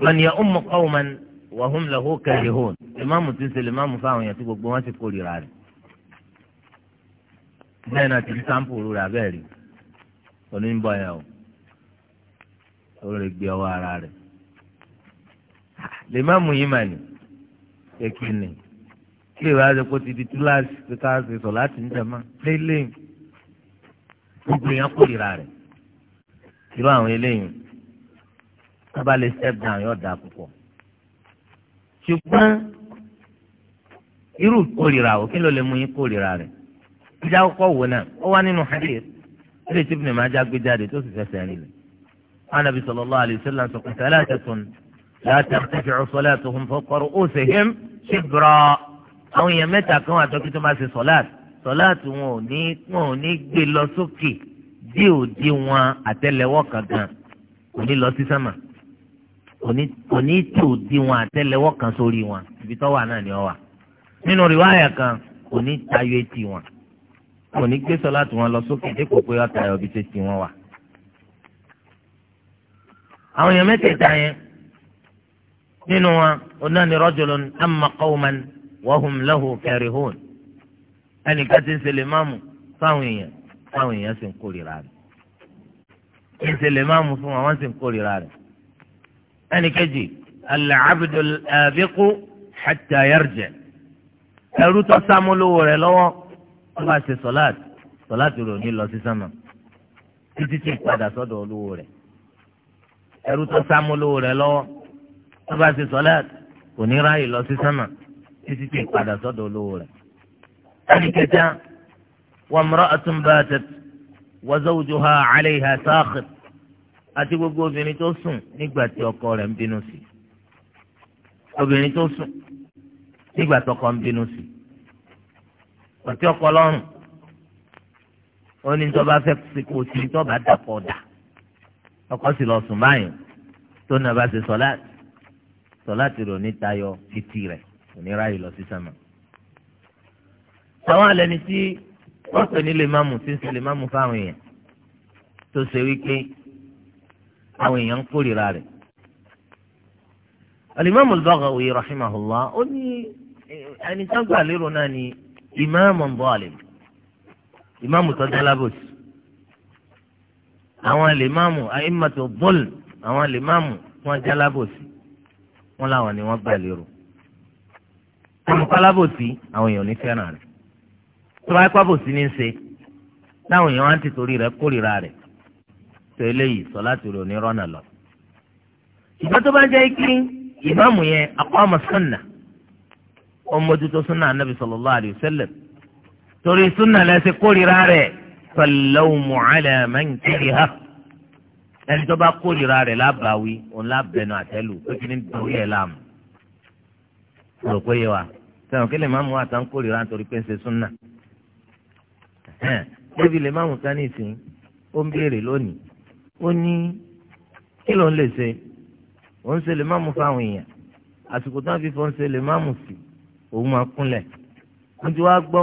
wọn ni ya ummul wàhùn lọ́hùn kẹ́lẹ́hùn ìmáàmù tí ń ṣe lè máàmù fáwọn èèyàn tí gbogbo wọn sì kórìíra rẹ̀ bẹ́ẹ̀ náà ti ń sáǹpù rẹ̀ abẹ́ẹ̀ rí oníbọ̀ yẹn o ó lè gbé ọwọ́ ara rẹ̀ lè máàmù yìí mà ní kékeré kí lè wáá ṣe kó ti di túláàsì pé ká ṣe sọ láti ń jẹma lélẹ̀ gbogbo èèyàn kórìíra rẹ̀ irú àwọn eléyìí tábà step down yóò dáa púpọ̀ ṣùgbọ́n irú kórìíra o kí ló lè mú yín kórìíra rẹ̀ ìjà kọ́kọ́ wò náà ó wá nínú hadith ilé tí Ibn Majah gbé jáde tó sì fẹsẹ̀ rìn lẹ̀ Ànábì sallallahu alayhi wa sallam sọ pé thalathatun la tartafi'u salatuhum fawqa ru'usihim shibra àwọn èèyàn mẹ́ta kan wà tó kí tó máa ṣe sọ̀láàtì sọ̀láàtì wọn ò ní wọn ò ní gbé lọ sókè dí wọn àtẹ́lẹwọ́ kankan kò ní lọ sí sánmà òní tò díwọn àtẹ́lẹwọ́ kan sórí wọn ibi tó wà náà ni ọ wà nínú rìwáyà kan òní tayọ etí wọn òní gbé sọlá tí wọn lọ sókè dépò pé ọta ẹ ọbi tó ti wọn wà. àwọn èèyàn mẹ́tẹ̀ẹ̀ta yẹn nínú wọn oná ni rajulun amma qawman wahum lahu karihun ẹnìkan ti ń ṣe lè máàmù fáwọn èèyàn fáwọn èèyàn sì ń kórìíra rẹ̀ ń ṣe lè máàmù fún wọn wọ́n sì ń kórìíra rẹ̀. أن كجي العبد الآبق حتى يرجع أرو تسامو لو ورلو الله سي صلاة صلاة رو دي الله سي سامو تيتي تيك بادا صدو لو ور أرو تسامو لو ورلو الله سي صلاة وني رأي الله سي سامو تيتي تيك بادا صدو لو ور أن كجا وامرأة باتت وزوجها عليها ساخط àti gbogbo obìnrin tó sùn nígbà tí ọkọ rẹ̀ ń bínú sí obìnrin tó sùn nígbà tí ọkọ ń bínú sí ọtí ọkọ lọ́rùn ó ní tó bá fẹ́ sikú sí tó bá dàpọ̀ dà ọkọ sì lọ sùn báyìí tó nà bá ṣe sọláàtì sọláàtì rò ní tayọ títì rẹ̀ òníra yìí lọ sí sàmà. táwọn alẹ́ ni tí wọ́n pè ní lè máàmù sí ń ṣe lè máàmù fáwọn èèyàn tó ṣe wípé àwọn èèyàn ń kórìíra rẹ̀. alimami al-Baghawi rahimahullah ó ní ẹni tó gbà lérò náà ni ìmáàmù ń bọ̀ àlè ìmáàmù tó dá lábòsí àwọn alìmáàmù àìmọ̀tò bọ́ọ̀lù àwọn alìmáàmù wọn dá lábòsí wọn làwọn ni wọn gbà lérò olùkọ́lábòsí àwọn èèyàn ní fẹ́ràn rẹ̀ tó bá kọ́ bòsí ní í ṣe táwọn èèyàn á ti torí rẹ̀ kórìíra rẹ̀ tó eléyìí sọ láti rò ní rọ́nà lọ. ṣùgbọ́n tó bá jẹ́ kí ìmáàmù yẹn aqama sunna ó mójútó sunna anabi sallallahu alayhi wa sallam torí sunna lẹ́sẹ̀ kórìíra rẹ̀ fallawmu ala man kariha ẹni tó bá kórìíra rẹ̀ lábàáwí òun lábẹ́nu àtẹ́lù pé kí ni dùn yẹ láàmú. rò pé yẹ wa sẹ́wọ̀n kí lè máàmù wa tán kórìíra nítorí pé ń ṣe sunna. débi lè máàmù kan ní ìsìn ó ń béèrè lónìí ó ní kí ló ń lè ṣe ó ń ṣe lè máàmù fáwọn èèyàn àsìkò tó ń fi fọ́n ṣe lè máàmù sí òun máa kúnlẹ̀ ó ti wá gbọ́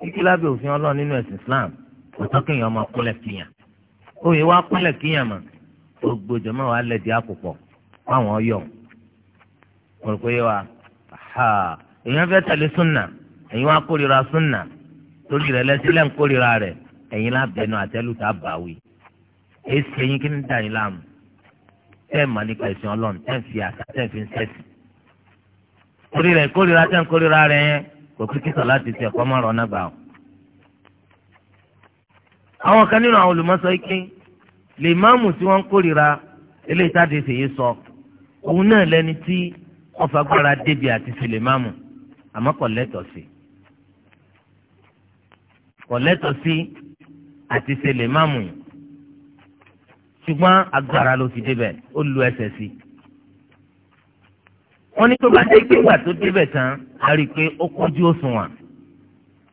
kíkí lábẹ́ òfin ọlọ́run nínú ẹ̀sìn Islam ọ̀tọ́ kéèyàn máa kúnlẹ̀ kíyàn òye wá kúnlẹ̀ kíyàn mà gbogbo jọmọ́ wa lẹ́dí àkùpọ̀ fáwọn ọyọ̀ mo rò pé yẹ wa èèyàn fẹ́ tẹ̀lé súnà ẹ̀yin wá kórìíra súnà torí rẹ̀ lẹ́sílẹ̀ ń kórìíra rẹ̀ ẹ̀yin lábẹ́nu àtẹ́lù tá èyí ṣe yín kí ní dà yín láàmú tẹ́ ẹ̀ mọ̀ nípa ìsìn ọlọ́run tẹ́ ẹ̀ fi àṣà tẹ́ ẹ̀ fi ń sẹ́sì. torí rẹ̀ kórìíra tẹ́ ń kórìíra rẹ̀ yẹn kò kí kíkọ̀ láti ti ẹ̀kọ́ márùn ọ̀nà gbà ọ́. àwọn kan nínú àwọn olùmọ́sọ ike lè máàmù tí wọ́n ń kórìíra eléyìí táde ṣèyí sọ òun náà lẹni tí ọfà gbára débi àti ṣẹlẹ̀ máàmù àmọ́ kò lẹ́tọ̀ sí kò lẹ́tọ̀ sí àti ṣẹlẹ̀ máàmù yìí ṣùgbọ́n agbára ló fi débẹ̀ ó lu ẹsẹ̀ sí i. wọ́n ní tó bá dé gbígbà tó débẹ̀ tán a rí i pé ó kọjú òṣùwọ̀n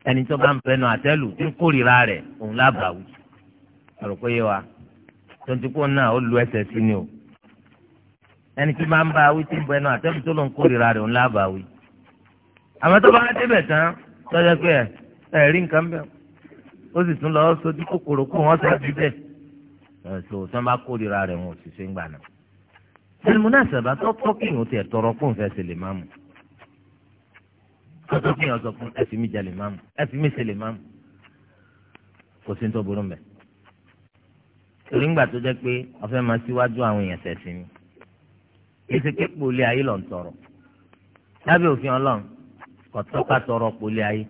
ẹni tó bá ń bẹnu àtẹ́lù tí ń kórìíra rẹ̀ òun lábàáwí. àròkó yé wa tontikó náà ó lu ẹsẹ̀ sí ni o ẹni tí bá ń bá awí tí ń bẹnu àtẹ́lù tó ló ń kórìíra rẹ̀ òun lábàáwí. àmọ́ tó bá débẹ̀ tán tọ́jà pé ẹ̀ nǹkan bẹ́ẹ̀ ó sì tún lọ sójú kòkòrò kó wọ́n sọ tó tán bá kórìíra rẹ̀ wọn ò sì ṣe ń gbà náà. al-munasaba tó tọ́ kí ìhùn tiẹ̀ tọrọ fún ìfẹ́ ṣe lè má mu tó tọ́ kí ìhùn sọ fún ẹ fi mí jalè má mu ẹ fi ṣe lè má mu kò sí ní tó burú mẹ́ torí ńgbà tó jẹ́ pé ọ̀fẹ́ máa síwájú àwọn èèyàn tẹ̀sí ni èsì pé pòlì ayé lọ ń tọrọ lábẹ́ òfin ọlọ́run kò tọ́ ká tọrọ pòlì ayé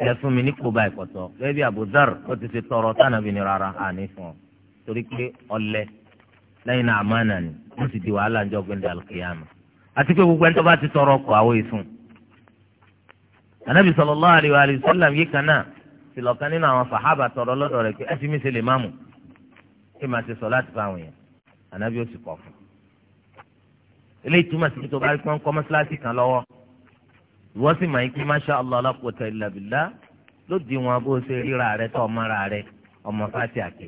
ẹ fún mi ní kóbá ìkọ̀tọ̀ bẹ́ẹ̀ bí abudar ó ti ṣe tọrọ tánàbí ni rárá àní fún ọ torí pé ọlẹ lẹ́yìn náà àmánà ni ó sì di wàhálà ńjọ́ gbẹ̀ndẹ̀ alùkìyàmù àti pé gbogbo ẹni tó bá ti tọrọ kọ àwọn ìfún. anabi sallallahu alaihi wa sallam yìí kan náà tìlọ̀kan nínú àwọn sàhábà tọrọ lọ́dọ̀ rẹ̀ pé ẹ fi mí ṣe lè máàmù kí màá ṣe sọ láti fáwọn yẹn anabi ó sì kọ̀ fún. eléyìí túmọ̀ sí pé tó bá rí pé wọ́n kọ́ mọ́ṣáláṣí ìwọ sì máa ń kí masha allah la quwwata illa billah ló di wọn bó ṣe ríra rẹ tó ọmọra rẹ ọmọ fati àkè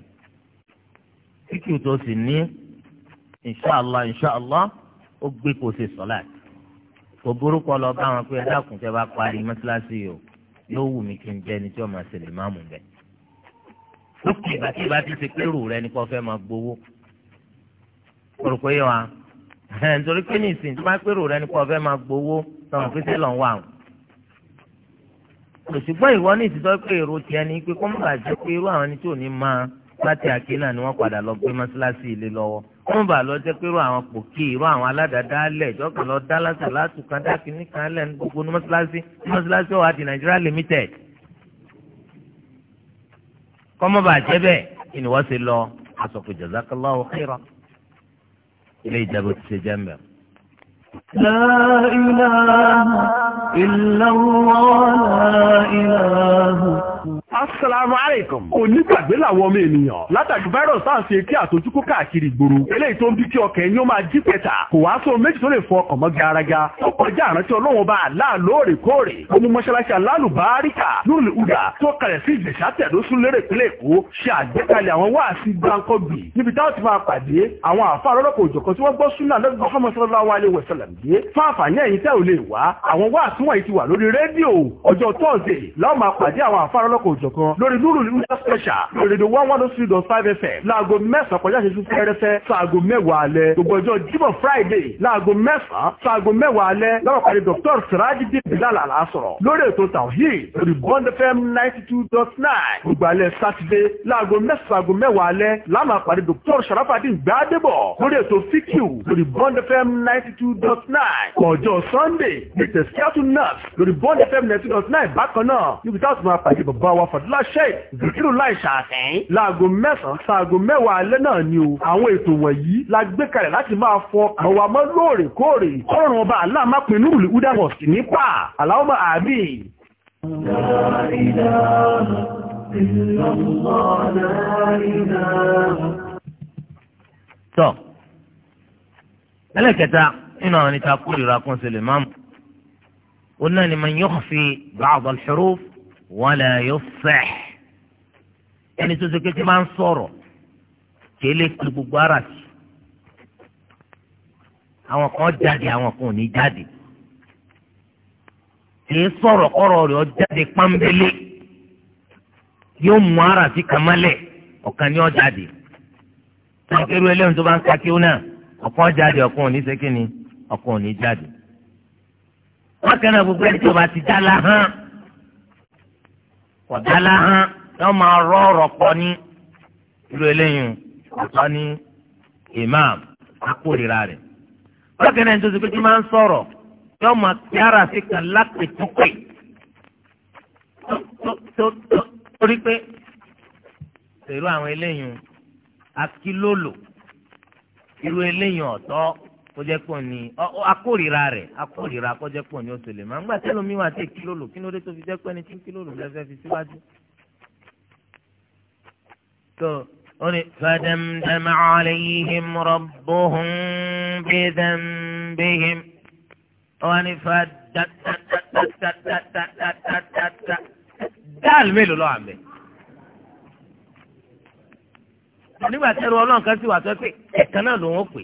kíkì tó sì ní inshallah inshallah ó gbé kó ṣe sọlá kò burúkọ lọ bá wọn pé ẹ dákun tẹ bá parí mọ́ṣáláṣí o yóò wù mí kí n jẹ ẹni tí ọmọ àṣẹlẹ máa mú bẹ lókè ìgbà tí ti ṣe pérò rẹ ni kò fẹ́ máa gbowó kò rò pé yẹ wa nítorí pé ní ìsìn tó bá pérò rẹ ni kò fẹ́ máa gbowó sọ̀rọ̀ pété lọ́n wà wọn. òṣùgbọ́n ìwọ ní ìtìtọ́ pé èrò tiẹ̀ ni pé kó má bàa jẹ́ pé irú àwọn ẹni tí ò ní máa láti àké náà ni wọ́n padà lọ gbé mọ́ṣáláṣí ilé lọ́wọ́ kó má bàa lọ jẹ́ pé irú àwọn pòkì irú àwọn aládàáda lẹ̀ ìjọba lọ dá lásà látùkàn dákìní kan lẹ̀ ní gbogbo mọ́ṣáláṣí mọ́ṣáláṣí ọ̀hà di Nigeria limited kó má bàa jẹ́ bẹ́ẹ̀ ìníwọ́ ṣe lọ àsọ̀kò jazakallahu khairan ilé ìjẹ́bù ti ṣe jẹ́ mẹ́rin. لا إله إلا الله لا إله Assalamu alaikum. Onígbàgbé làwọn ọmọ ènìyàn. Látàrí virus tá à ń fi etí àtojúkú káàkiri ìgboro. Eléyìí tó ń bí kí ọkàn ẹni ó máa jí pẹ̀tà. Kò wá sóhun méjì tó lè fọ ọkàn mọ́ garaga. Ó kọjá àrántí ọlọ́run bá àlá lóòrèkóòrè. Ó mú mọ́ṣáláṣí alálùbáríkà lórí ìhùdà tó kalẹ̀ sí ìjẹ̀sà tẹ̀dọ́sún lérè pínlẹ̀ Èkó. Ṣe àgbékalẹ̀ àwọn wáàsí gbáǹkọ́gbì. Níbi táwọn ti máa pàdé kan lórí lúrù ní special lórí èdè one one oh three dot five fm láago mẹ́sàn-án kọjá ṣẹ́jú fẹ́rẹ́fẹ́ sáago mẹ́wàá alẹ́ gbogbo ọjọ́ jímọ̀ friday láago mẹ́sàn-án sáago mẹ́wàá alẹ́ lọ́wọ́kàdé dr sirajide bilala sọ̀rọ̀ lórí ètò tawhid lórí bond fm ninety two dot nine gbogbo alẹ́ saturday láago mẹ́sàn-án sáago mẹ́wàá alẹ́ láàmà pàdé dr sharafadin gbadebo lórí ètò fikiu lórí bond fm ninety two dot nine ọjọ́ sunday ní tẹ̀síkẹ́tù nurse lórí bond fm ninety two dot nine bákan náà níbi táwọn ti máa pàdé bàbá wa fàd Abdullahi Sheikh Zikiru Lai Ṣàfẹ́ láago mẹ́sàn-án sáago mẹ́wàá alẹ́ náà ni o àwọn ètò wọ̀nyí la gbé kalẹ̀ láti máa fọ ọkàn wa lóòrèkóòrè kọ́rùn ọba aláàmápinnu rúlù udahọ̀ sí nípa aláwọ̀mọ̀ àbí. La ilaha illallah, la ilaha. tọ́ ẹlẹ́kẹta nínú àwọn ìta kúrìíra kún sílẹ̀ máàmù ó náà ni man yukhfi ba'd al-huruf wala yufsah ẹni tó ṣe pé tí máa ń sọ̀rọ̀ tí ó lè pe gbogbo ara sí àwọn kan jáde àwọn kan ò ní jáde tí ó sọ̀rọ̀ kọ́rọ̀ rẹ̀ ó jáde pọ́nbélé yóò mú ara sí kàmálẹ̀ ọ̀kan ní ó jáde irú eléyìí tó bá ń ka kí ó náà ọ̀kan jáde ọ̀kan ò ní ṣe kí ò ní jáde. wọ́n kẹ́rin gbogbo ẹni tó bá ti dá la hán kọ̀dálá hàn yóò máa rọ ọ̀rọ̀ pọ̀ ní irú eléyìí ọ̀tọ́ ní imam akórira rẹ̀ bákan náà nítorí pé kí máa ń sọ̀rọ̀ yóò máa yára sí kan lápètúpè torí pé èrò àwọn eléyìí akílólò irú eléyìí ọ̀tọ́ kọjá pọ̀ ní akórira rẹ̀ akórira kọjá pọ̀ ní oṣù lè má ńgbà tẹ́lẹ̀ mi wà tẹ̀ kílòlò kí ló dé tó fi jẹ́ pé ẹni tí kílòlò lẹ́fẹ́ fi síwájú. tó o ní fadamdam alayhim rabbuhum bidhanbihim wọn ní fadatatatatatata dáàlì mélòó lọ́wọ́ àmì nígbà tẹ́lẹ̀ ọlọ́run kan ti wà sọ pé ẹ̀kan náà lòun ó pè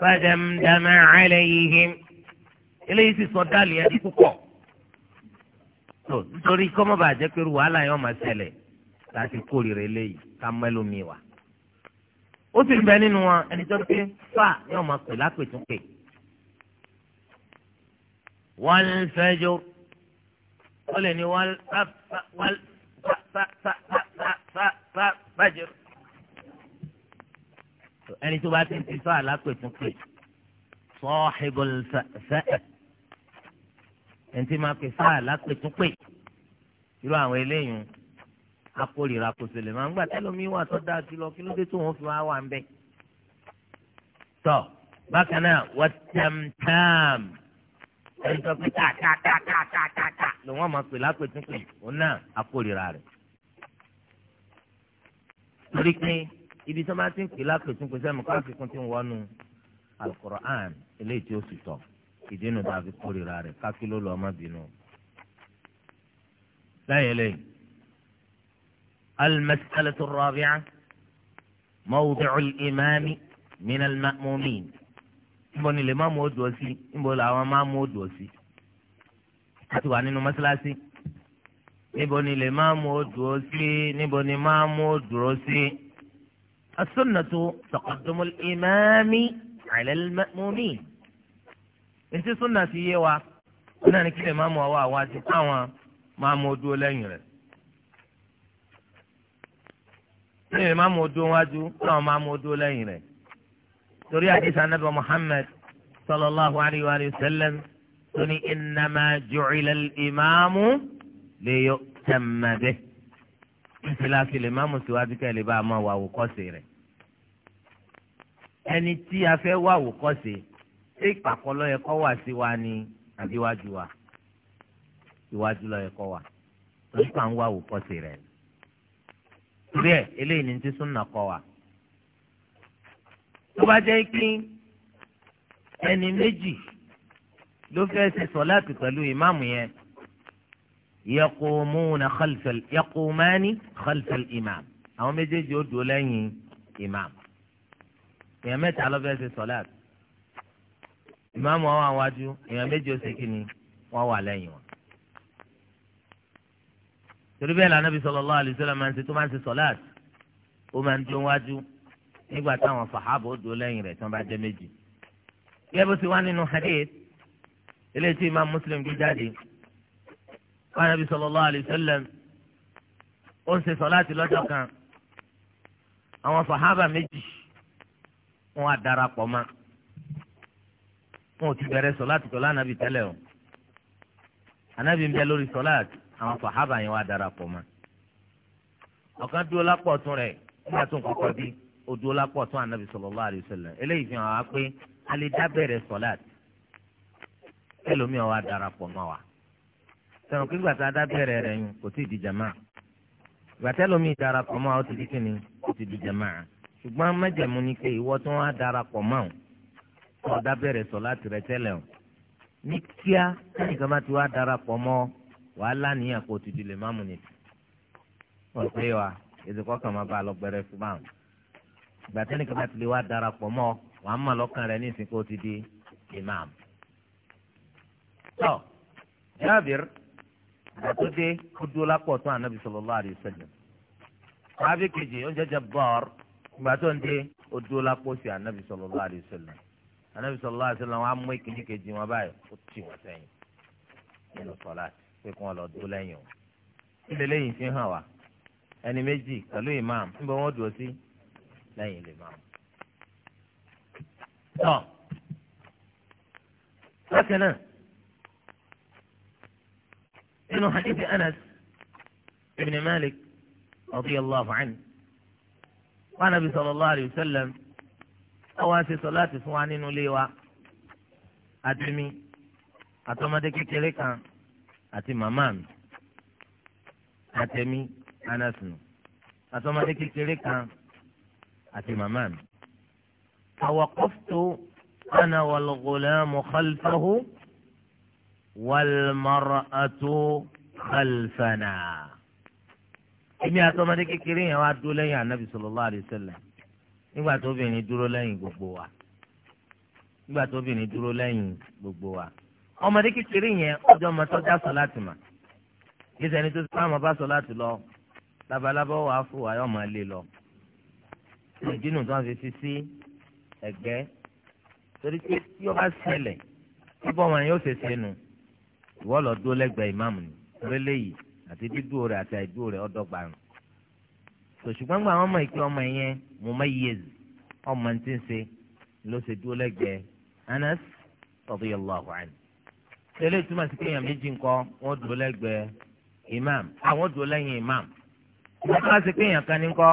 fàdàmdàmà àlẹyìn eléyìí sì sọ dáàlì ẹni púpọ̀ tó nítorí kọ́mọ́ bàjẹ́ pé wàhálà yẹn máa ṣẹlẹ̀ láti kórìíra eléyìí ká mẹ́lòmíì wá ó sì ń bẹ nínú wọn ẹni tó pé fà yóò máa pè lápètúnpè wọ́n ń fẹjọ́ ó lè ní wọ́n fà fà fà fà fà fà fà fàjọ́ ẹni tó bá ti ń sọ àlápẹ̀túnpè sọ́ọ́hìbọ̀l sẹ́ẹ̀ ẹni tí máa pè sọ àlápẹ̀túnpè irú àwọn eléyìí akórira kò sì lè máa ń gbà tẹ́lómi wà tó dáa jùlọ kí ló dé tó wọ́n fi wá wà ń bẹ̀. tọ́ bákan náà wọ́tẹ́mtẹ́m ẹni tó pé tàtàtàtàtà ló wọ́n máa pè lápẹ̀túnpè òun náà akórira rẹ̀. torí pé ibi tí wọ́n bá ti ń pè lápẹ̀tún pé sẹ́mi kó àfikún ti ń wọnú alukur'an eléyìí tí ó sì tọ̀ ìdínú tá a fi kórìíra rẹ̀ kákí ló lọ́ ọmọbìnrin o. lẹ́yìn lẹ́yìn المسألة الرابعة موضع الإمام من المأمومين níbo ni lè má mú odò sí níbo làwọn má mú odò sí a ti wà nínú mọ́ṣáláṣí níbo ni lè má mú odò sí níbo ni má mú odò sí. السنة تقدم الإمام على المأمومين إنت سنة سيوا إيه أنا نكيد إمام وواء واسي أوا ما مودو لنجر إيه ما مودو واجو أوا ما مودو لنجر سوري حديث النبي محمد صلى الله عليه وآله وسلم سني إنما جعل الإمام ليؤتم به سلاسل إيه الإمام سواتك لبا ما واو ẹni tí a fẹ́ wá àwòkọ́ṣe ṣé ìpàkọ́ ló yẹ kó wà sí wa ni àbí iwájú wa iwájú ló yẹ kó wà torí pa ń wá àwòkọ́ṣe rẹ̀ torí ẹ̀ eléyìí ni ti súnà kọ́ wa tó bá jẹ́ kí ẹni méjì ló fẹ́ ṣe sọ̀láàtì pẹ̀lú ìmáàmù yẹn yaqumuna khalfal yaqumani khalfal ìmáàmù àwọn méjèèjì ó dúró lẹ́yìn ìmáàmù èèyàn mẹ́ta ló fẹ́ ṣe sọ́láàt ìmáàmù wọn wà wájú èèyàn méje ó ṣe kí ni wọ́n wà lẹ́yìn wọn. torí bẹ́ẹ̀ l'Ànábì sallallahu alaihi wasallam máa ń ṣe tó máa ń ṣe sọ́láàt ó máa ń dún wájú nígbà táwọn sàhábà ó dúró lẹ́yìn rẹ̀ tí wọ́n bá jẹ́ méjì. gẹ́gẹ́ bó ṣe wá nínú hadith eléyìí tí Imam Muslim gbé jáde wọ́n Ànábì sallallahu alaihi ó ń ṣe sọ́láàt lọ́jọ́ kan àwọn sàhábà méjì wọn á darapọ̀ ma wọn ò ti bẹ̀rẹ̀ sọ̀láàtì pẹ̀lú ànábì tẹ́lẹ̀ o ànábì ń bẹ lórí sọ̀láàtì àwọn sàhábà yẹn wá darapọ̀ ma ọ̀kan dúró lápọ̀ tún rẹ̀ nígbà tó ń kọ́kọ́ bí ó dúró lápọ̀ tún ànábì sallallahu alaihi wasallam eléyìí fi hàn wá pé a dá bẹ̀rẹ̀ sọ̀láàtì ẹlòmíràn wá darapọ̀ mọ́ wa sọ̀rọ̀ pé gbàtà dá bẹ̀rẹ̀ rẹ̀ yín kò tí ì di jàmáà gbàtà ẹlòmíràn darapọ̀ mọ́ wa ó ti di kíni ó ti di jàmáà ṣùgbọ́n májẹ̀mú ni pé ìwọ tó wá darapọ̀ mọ́ ọ ọ̀dà bẹ̀rẹ̀ sọ láti rẹ tẹ́lẹ̀ o ní kíá nìkan bá ti wá darapọ̀ mọ́ wàhálà níyàn kó ti dìlẹ̀ máàmù nìkan wọ́n pè wá ìdíkọ́ kan máa bá a lọ gbẹrẹ fún báwọn ìgbà tẹ́ni kan bá ti lè wá darapọ̀ mọ́ wàá mọ̀ lọ́kàn rẹ ní ìsìnkú ti di ìmáàmù. tọ́ jábìr ìgbà tó dé kó dúró lápò tó ànábì sallallahu alaihi ìgbà tó ń dé odò lápòsí anabi sallallahu alaihi wasallam anabi sallallahu alaihi wasallam wọn á mú ìkíní kejì wọn báyìí ó tì wọn sẹ́yìn nínú sọlá pé kí wọn lọ dó lẹ́yìn o ilé lẹ́yìn fi hàn wá ẹni méjì pẹ̀lú imam níbo wọn dùn sí lẹ́yìn lè máa tán bákan náà nínú hadithi anas ibn malik radiyallahu anhu. wọn ànábì sallallahu alayhi wa sallam àwọn àti sọláàtì fún wa nínú ilé wa àti mi àtọmọdé kékeré kan àti màmá mi àtẹmí anásùn àtọmọdé kékeré kan àti màmá mi. فوقفت أنا والغلام خلفه والمرأة خلفنا èmi àtọmọdé kékeré yẹn wá dúró lẹ́yìn anabi sallallahu alaihi wasallam nígbà tó obìnrin dúró lẹ́yìn gbogbo wa nígbà tó obìnrin dúró lẹ́yìn gbogbo wa ọmọdé kékeré yẹn ọjọ́ ọmọ tó dá sọ láti mà gbèsè ẹni tó sáà mọ bá sọ láti lọ labalábá wà á fò ayọ́ máa lé lọ ìdínú tó wọ́n fi fi sí ẹ̀gbẹ́ torí pé tí ó bá ṣẹlẹ̀ tí bọ́ọ̀mù yẹn ó ṣe ṣe ìwọ́ lọ dúró lẹ́gbẹ̀ẹ́ ìmáàmù ni lélẹ́yìí àti dídúró rẹ̀ àti àìdúró rẹ̀ ọ̀dọ́gba rẹ̀ sòṣùgbọ́n gba àwọn ọmọ ìpè ọmọ yẹn mumayyiz ọmọ tí ń ṣe ló ṣe dúró lẹ́gbẹ̀ẹ́ Anas radiyallahu anhu tẹ́lẹ̀ túmọ̀ sí kéèyàn méjì ńkọ́ wọ́n dúró lẹ́gbẹ̀ẹ́ imam àwọn ah, dúró lẹ́yìn imam ìgbàgbọ́ sí kéèyàn kan ní ńkọ́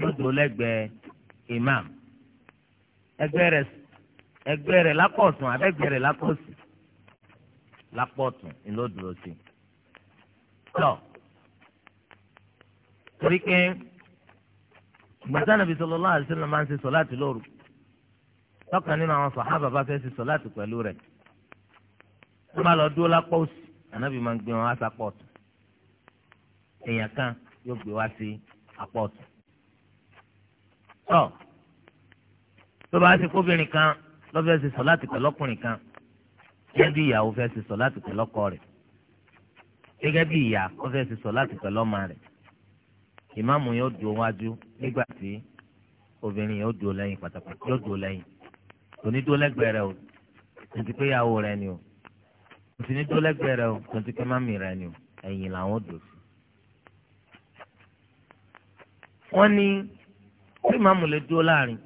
wọ́n dúró lẹ́gbẹ̀ẹ́ imam ẹgbẹ́ rẹ̀ ẹgbẹ́ rẹ̀ lápọ̀tún àbẹ́gbẹ́ rẹ̀ lápọ̀tún lápọ̀tún ni ló dúró sí i tọ̀ torí pé gbàtà nàbì sallallahu alaihi wasallam máa ń ṣe sọ̀láàtì lóru tọkàn nínú àwọn sàhábà bá fẹ́ ṣe sọ̀láàtì pẹ̀lú rẹ̀ wọ́n máa lọ dúró lápá òsì ànábì máa ń gbé wọn àṣà pọ̀tù èèyàn kan yóò gbé wá sí àpọ̀tù. tọ́ tó bá ṣe kóbìnrin kan ló fẹ́ ṣe sọ̀láàtì pẹ̀lọ́kùnrin kan yẹ́n ìyàwó fẹ́ ṣe sọ̀láàtì pẹ̀lọ́kọ rẹ̀ gẹ́gẹ́ bí ìyá ó fẹ́ ti sọ láti pẹ̀lú ọmọ rẹ̀ ìmáàmù yóò dúró wájú nígbà tí obìnrin yóò dúró lẹ́yìn pátápátá yóò dúró lẹ́yìn onídúró lẹ́gbẹ̀ẹ́ rẹ̀ o tuntun pé ìyàwó rẹ̀ ni o tuntun nídúró lẹ́gbẹ̀ẹ́ rẹ̀ o tuntun pé mami rẹ̀ ni o ẹ̀yìn làwọn dò sí. wọ́n ní pé ìmáàmù lè dúró láàrin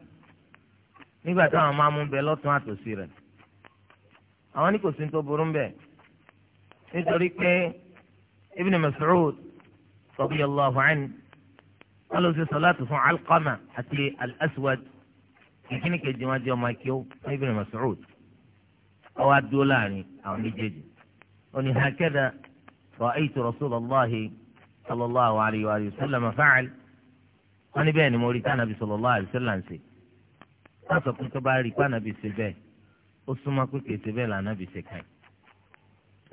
nígbà táwọn máa mú bẹ lọ́tún àtòsí rẹ̀ àwọn ní kò sí ní tó burú ń bẹ̀ nítorí pé ibn Mas'ud radiyallahu anhu wọ́n lọ sí sọ́láàtì fún alqama àti al-aswad ìkíni kejì wọn jẹ́ ọmọ akíó fún ibn Mas'ud ọwọ́ adúlọ́ láàrin àwọn méjèèjì òní hakẹ́dà ra'aytu rasulallahi sallallahu alayhi wa sallam fa'al wọ́n ní bẹ́ẹ̀ ni mo rí kánàbì sallallahu alayhi wa sallam ṣe wọ́n sọ pé tó bá rí kánàbì ṣe bẹ́ẹ̀ ó súnmọ́ pé kèsì bẹ́ẹ̀ lànàbì ṣe kàn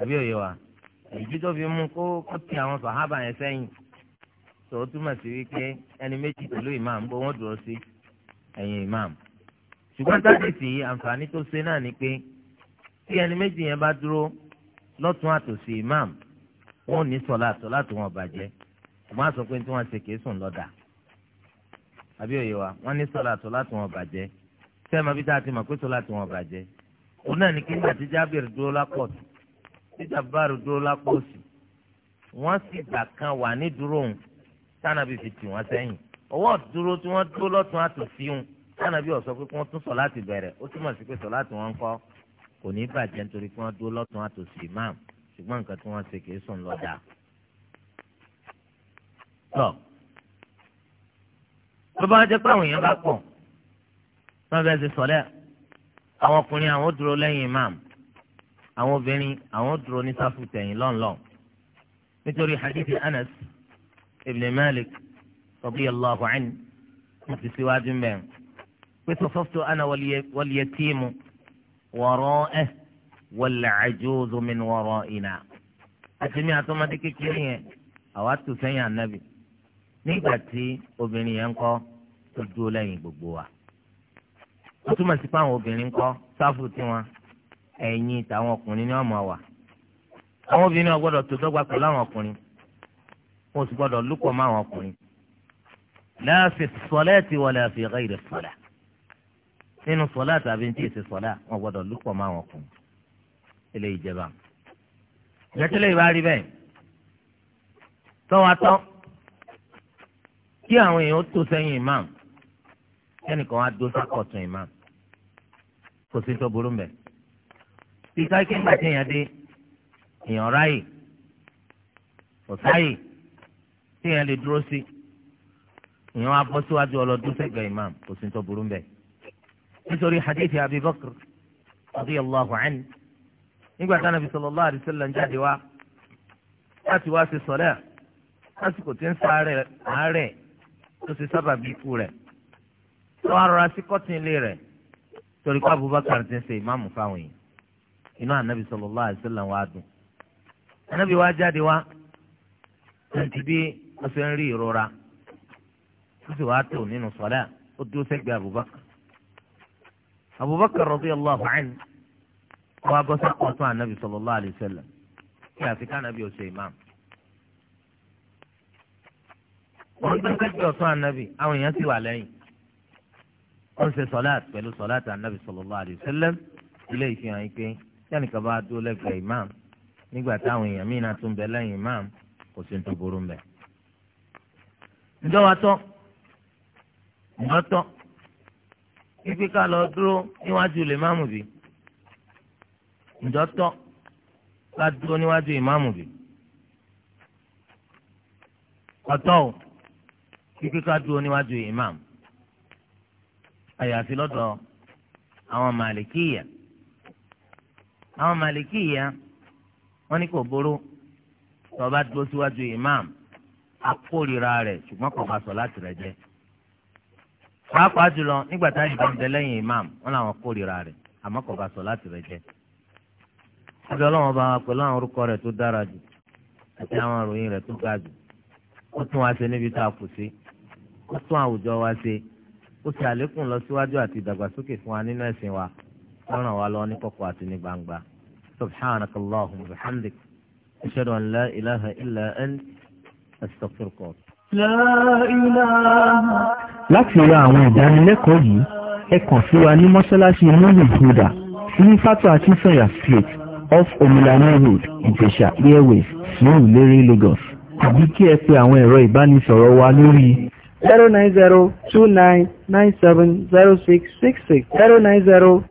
àbí òye wa èyí tó fi mú kó kó ti àwọn sàhábà yẹn sẹ́yìn tó túmọ̀ sí wípé ẹni méjì pẹ̀lú ìmáàmù bó wọ́n dúró sí ẹ̀yìn ìmáàmù ṣùgbọ́n tábìsì àǹfààní tó ṣe náà ni pé tí ẹni méjì yẹn bá dúró lọ́tún àtòsí ìmáàmù wọn ò ní sọ̀lá àtọ̀lá tó wọn bàjẹ́ wọ́n á sọ pé tí wọ́n ṣe kìí sùn lọ́dà àbí òye wa wọ́n ní sọ̀lá àtọ̀lá tó wọn bàjẹ́ sẹ́ẹ̀ bí tá ti mọ̀ pé sọ̀lá tó wọn bàjẹ́ òun náà ní kí nígbà tí Jábìrì dúró lápọ̀tù tí jàbáàrù dúró lápò òsì wọ́n sì gbà kan wà ní dúró òun tánàbí fi tì wọ́n sẹ́yìn ọwọ́ dúró tí wọ́n dúró lọ́tún àtòsí òun tánàbí ó sọ pé kí wọ́n tún sọ láti bẹ̀rẹ̀ ó túmọ̀ sí pé sọ láti wọn kọ́ kò ní bàjẹ́ nítorí pé wọ́n dúró lọ́tún àtòsí máa ṣùgbọ́n nǹkan tí wọ́n ṣe kìí sùn lọ́dà. tọ́ tó bá jẹ́ pé àwọn èèyàn bá pọ̀ wọ́n fẹ́ẹ́ ṣe sọ́lẹ̀ àwọn ọkùnrin àwọn dúró lẹ́yìn imáàmù àwọn obìnrin àwọn dúró ní sáfù tẹ̀yìn lọ́nlọ́n nítorí hadithi anas ibn malik radiyallahu anhu wọ́n ti síwájú mẹ́rin pé sọ́fọ́tò ana wal-yatimu wara'ah wal-ajuzu min wara'ina àti mi àtọ́mọdé kékeré yẹn àwa tó sẹ́yìn ànábì nígbà tí obìnrin yẹn kọ́ tó dúró lẹ́yìn gbogbo wa. ó túmọ̀ sí pé àwọn obìnrin kọ́ sáfù tiwọn ẹ̀yìn tàwọn ọkùnrin ní ọmọ wa àwọn obìnrin náà gbọ́dọ̀ tó dọ́gba pẹ̀lú àwọn ọkùnrin wọn sì gbọ́dọ̀ lúpọ̀ mọ́ àwọn ọkùnrin la fi sọlẹ́ẹ̀tì wala fi ghayri sọlá nínú sọlá tàbí ní tí èsì sọlá wọn gbọ́dọ̀ lúpọ̀ mọ́ àwọn ọkùnrin eléyìí jẹba ìgbẹ́tẹ́lẹ́ ìbá rí bẹ́ẹ̀ tọ́wọ́ atọ́ kí àwọn èèyàn tó sẹ́yìn imam kẹ́nìkan wá dó sákọ̀tún imam kò sí tó burú mbẹ́ ìgbà kí nígbà tí èèyàn dé èèyàn ráyè ọ̀sáyè tí èèyàn lè dúró sí èèyàn wá bọ́ síwájú ọlọ́dún sẹ́gbẹ̀ẹ́ imam kò sí tó burú mbẹ́ nítorí hadithi Abi Bakr radiyallahu anhu nígbà tí anabi sallallahu alaihi wasallam jáde wá láti wá sí sọlẹ lásìkò tí ń sáré àárẹ̀ tó ti sábà bí ikú rẹ̀ tó wá rọra sí kọ́tìn rẹ̀ torí pé Abubakar ti ń ṣe ìmáàmù fáwọn yìí inú ànábì sallallahu alaihi wasallam wa dùn ànábì wa jáde wá àti bí wọ́n ṣe ń rí ìrora ó sì wá tó nínú sọ́lá ó dúró sẹ́gbẹ̀ẹ́ Abubakar Abubakar radiyallahu anhu wọ́n abọ́ sápọ̀ tún ànábì sallallahu alaihi wasallam kí àfi kánábì ó ṣe imam. wọ́n gbé sẹ́gbẹ̀ẹ́ ọ̀tún ànábì àwọn èèyàn sì wà lẹ́yìn wọ́n ṣe sọ́lá pẹ̀lú sọ́lá ànábì sallallahu alaihi wasallam ilé ìfihàn yìí pé yánìkan bá dúró lẹ́gbẹ̀ẹ́ imam nígbà táwọn èèyàn míì náà tún bẹ lẹ́yìn imam kò sí tó burú mbẹ. ǹjọ́ wa tọ́ ǹjọ́ tọ́ ibi ká lọ dúró níwájú lè máàmù bì ǹjọ́ tọ́ ká dúró níwájú ìmáàmù bì ọ̀tọ̀ o ibi ká dúró níwájú ìmáàmù àyàfi lọ́dọ̀ àwọn màlìkíyà àwọn màlìkì yá wọ́n ní kò burú tó síwájú imam akórira rẹ̀ ṣùgbọ́n kò bá sọ láti rẹ̀ jẹ́ pàápàá jùlọ nígbà tá ìbọn bẹ lẹ́yìn imam wọ́n làwọn kórira rẹ̀ àmọ́ kò bá sọ láti rẹ̀ jẹ́ ọjọ́ ọlọ́wọ́n bá wa pẹ̀lú àwọn orúkọ rẹ̀ tó dára jù àti àwọn ìròyìn rẹ̀ tó ga jù ó tún wá ṣe níbi tá a kù sí ó tún àwùjọ wa ṣe ó ṣe àlékún lọ síwájú àti ìdàgbàsókè fún wa nínú ẹ̀sìn wa ràn wá lọ ní kọ̀kọ̀ àti ní gbangba subhanak allahumma wa bihamdik ashhadu an لا ilaha لا ant astaghfiruka. láti ra àwọn ìdánilẹ́kọ̀ọ́ yìí ẹ kàn sí wa ní mọ́ṣáláṣí mọ́lẹ̀ buda ní fátó akínsọ̀yà street off omilana road ìjẹ̀ṣà airways ní ìlérí lagos àbí kí ẹ pe àwọn ẹ̀rọ ìbánisọ̀rọ̀ wa lórí 090 29 0666 090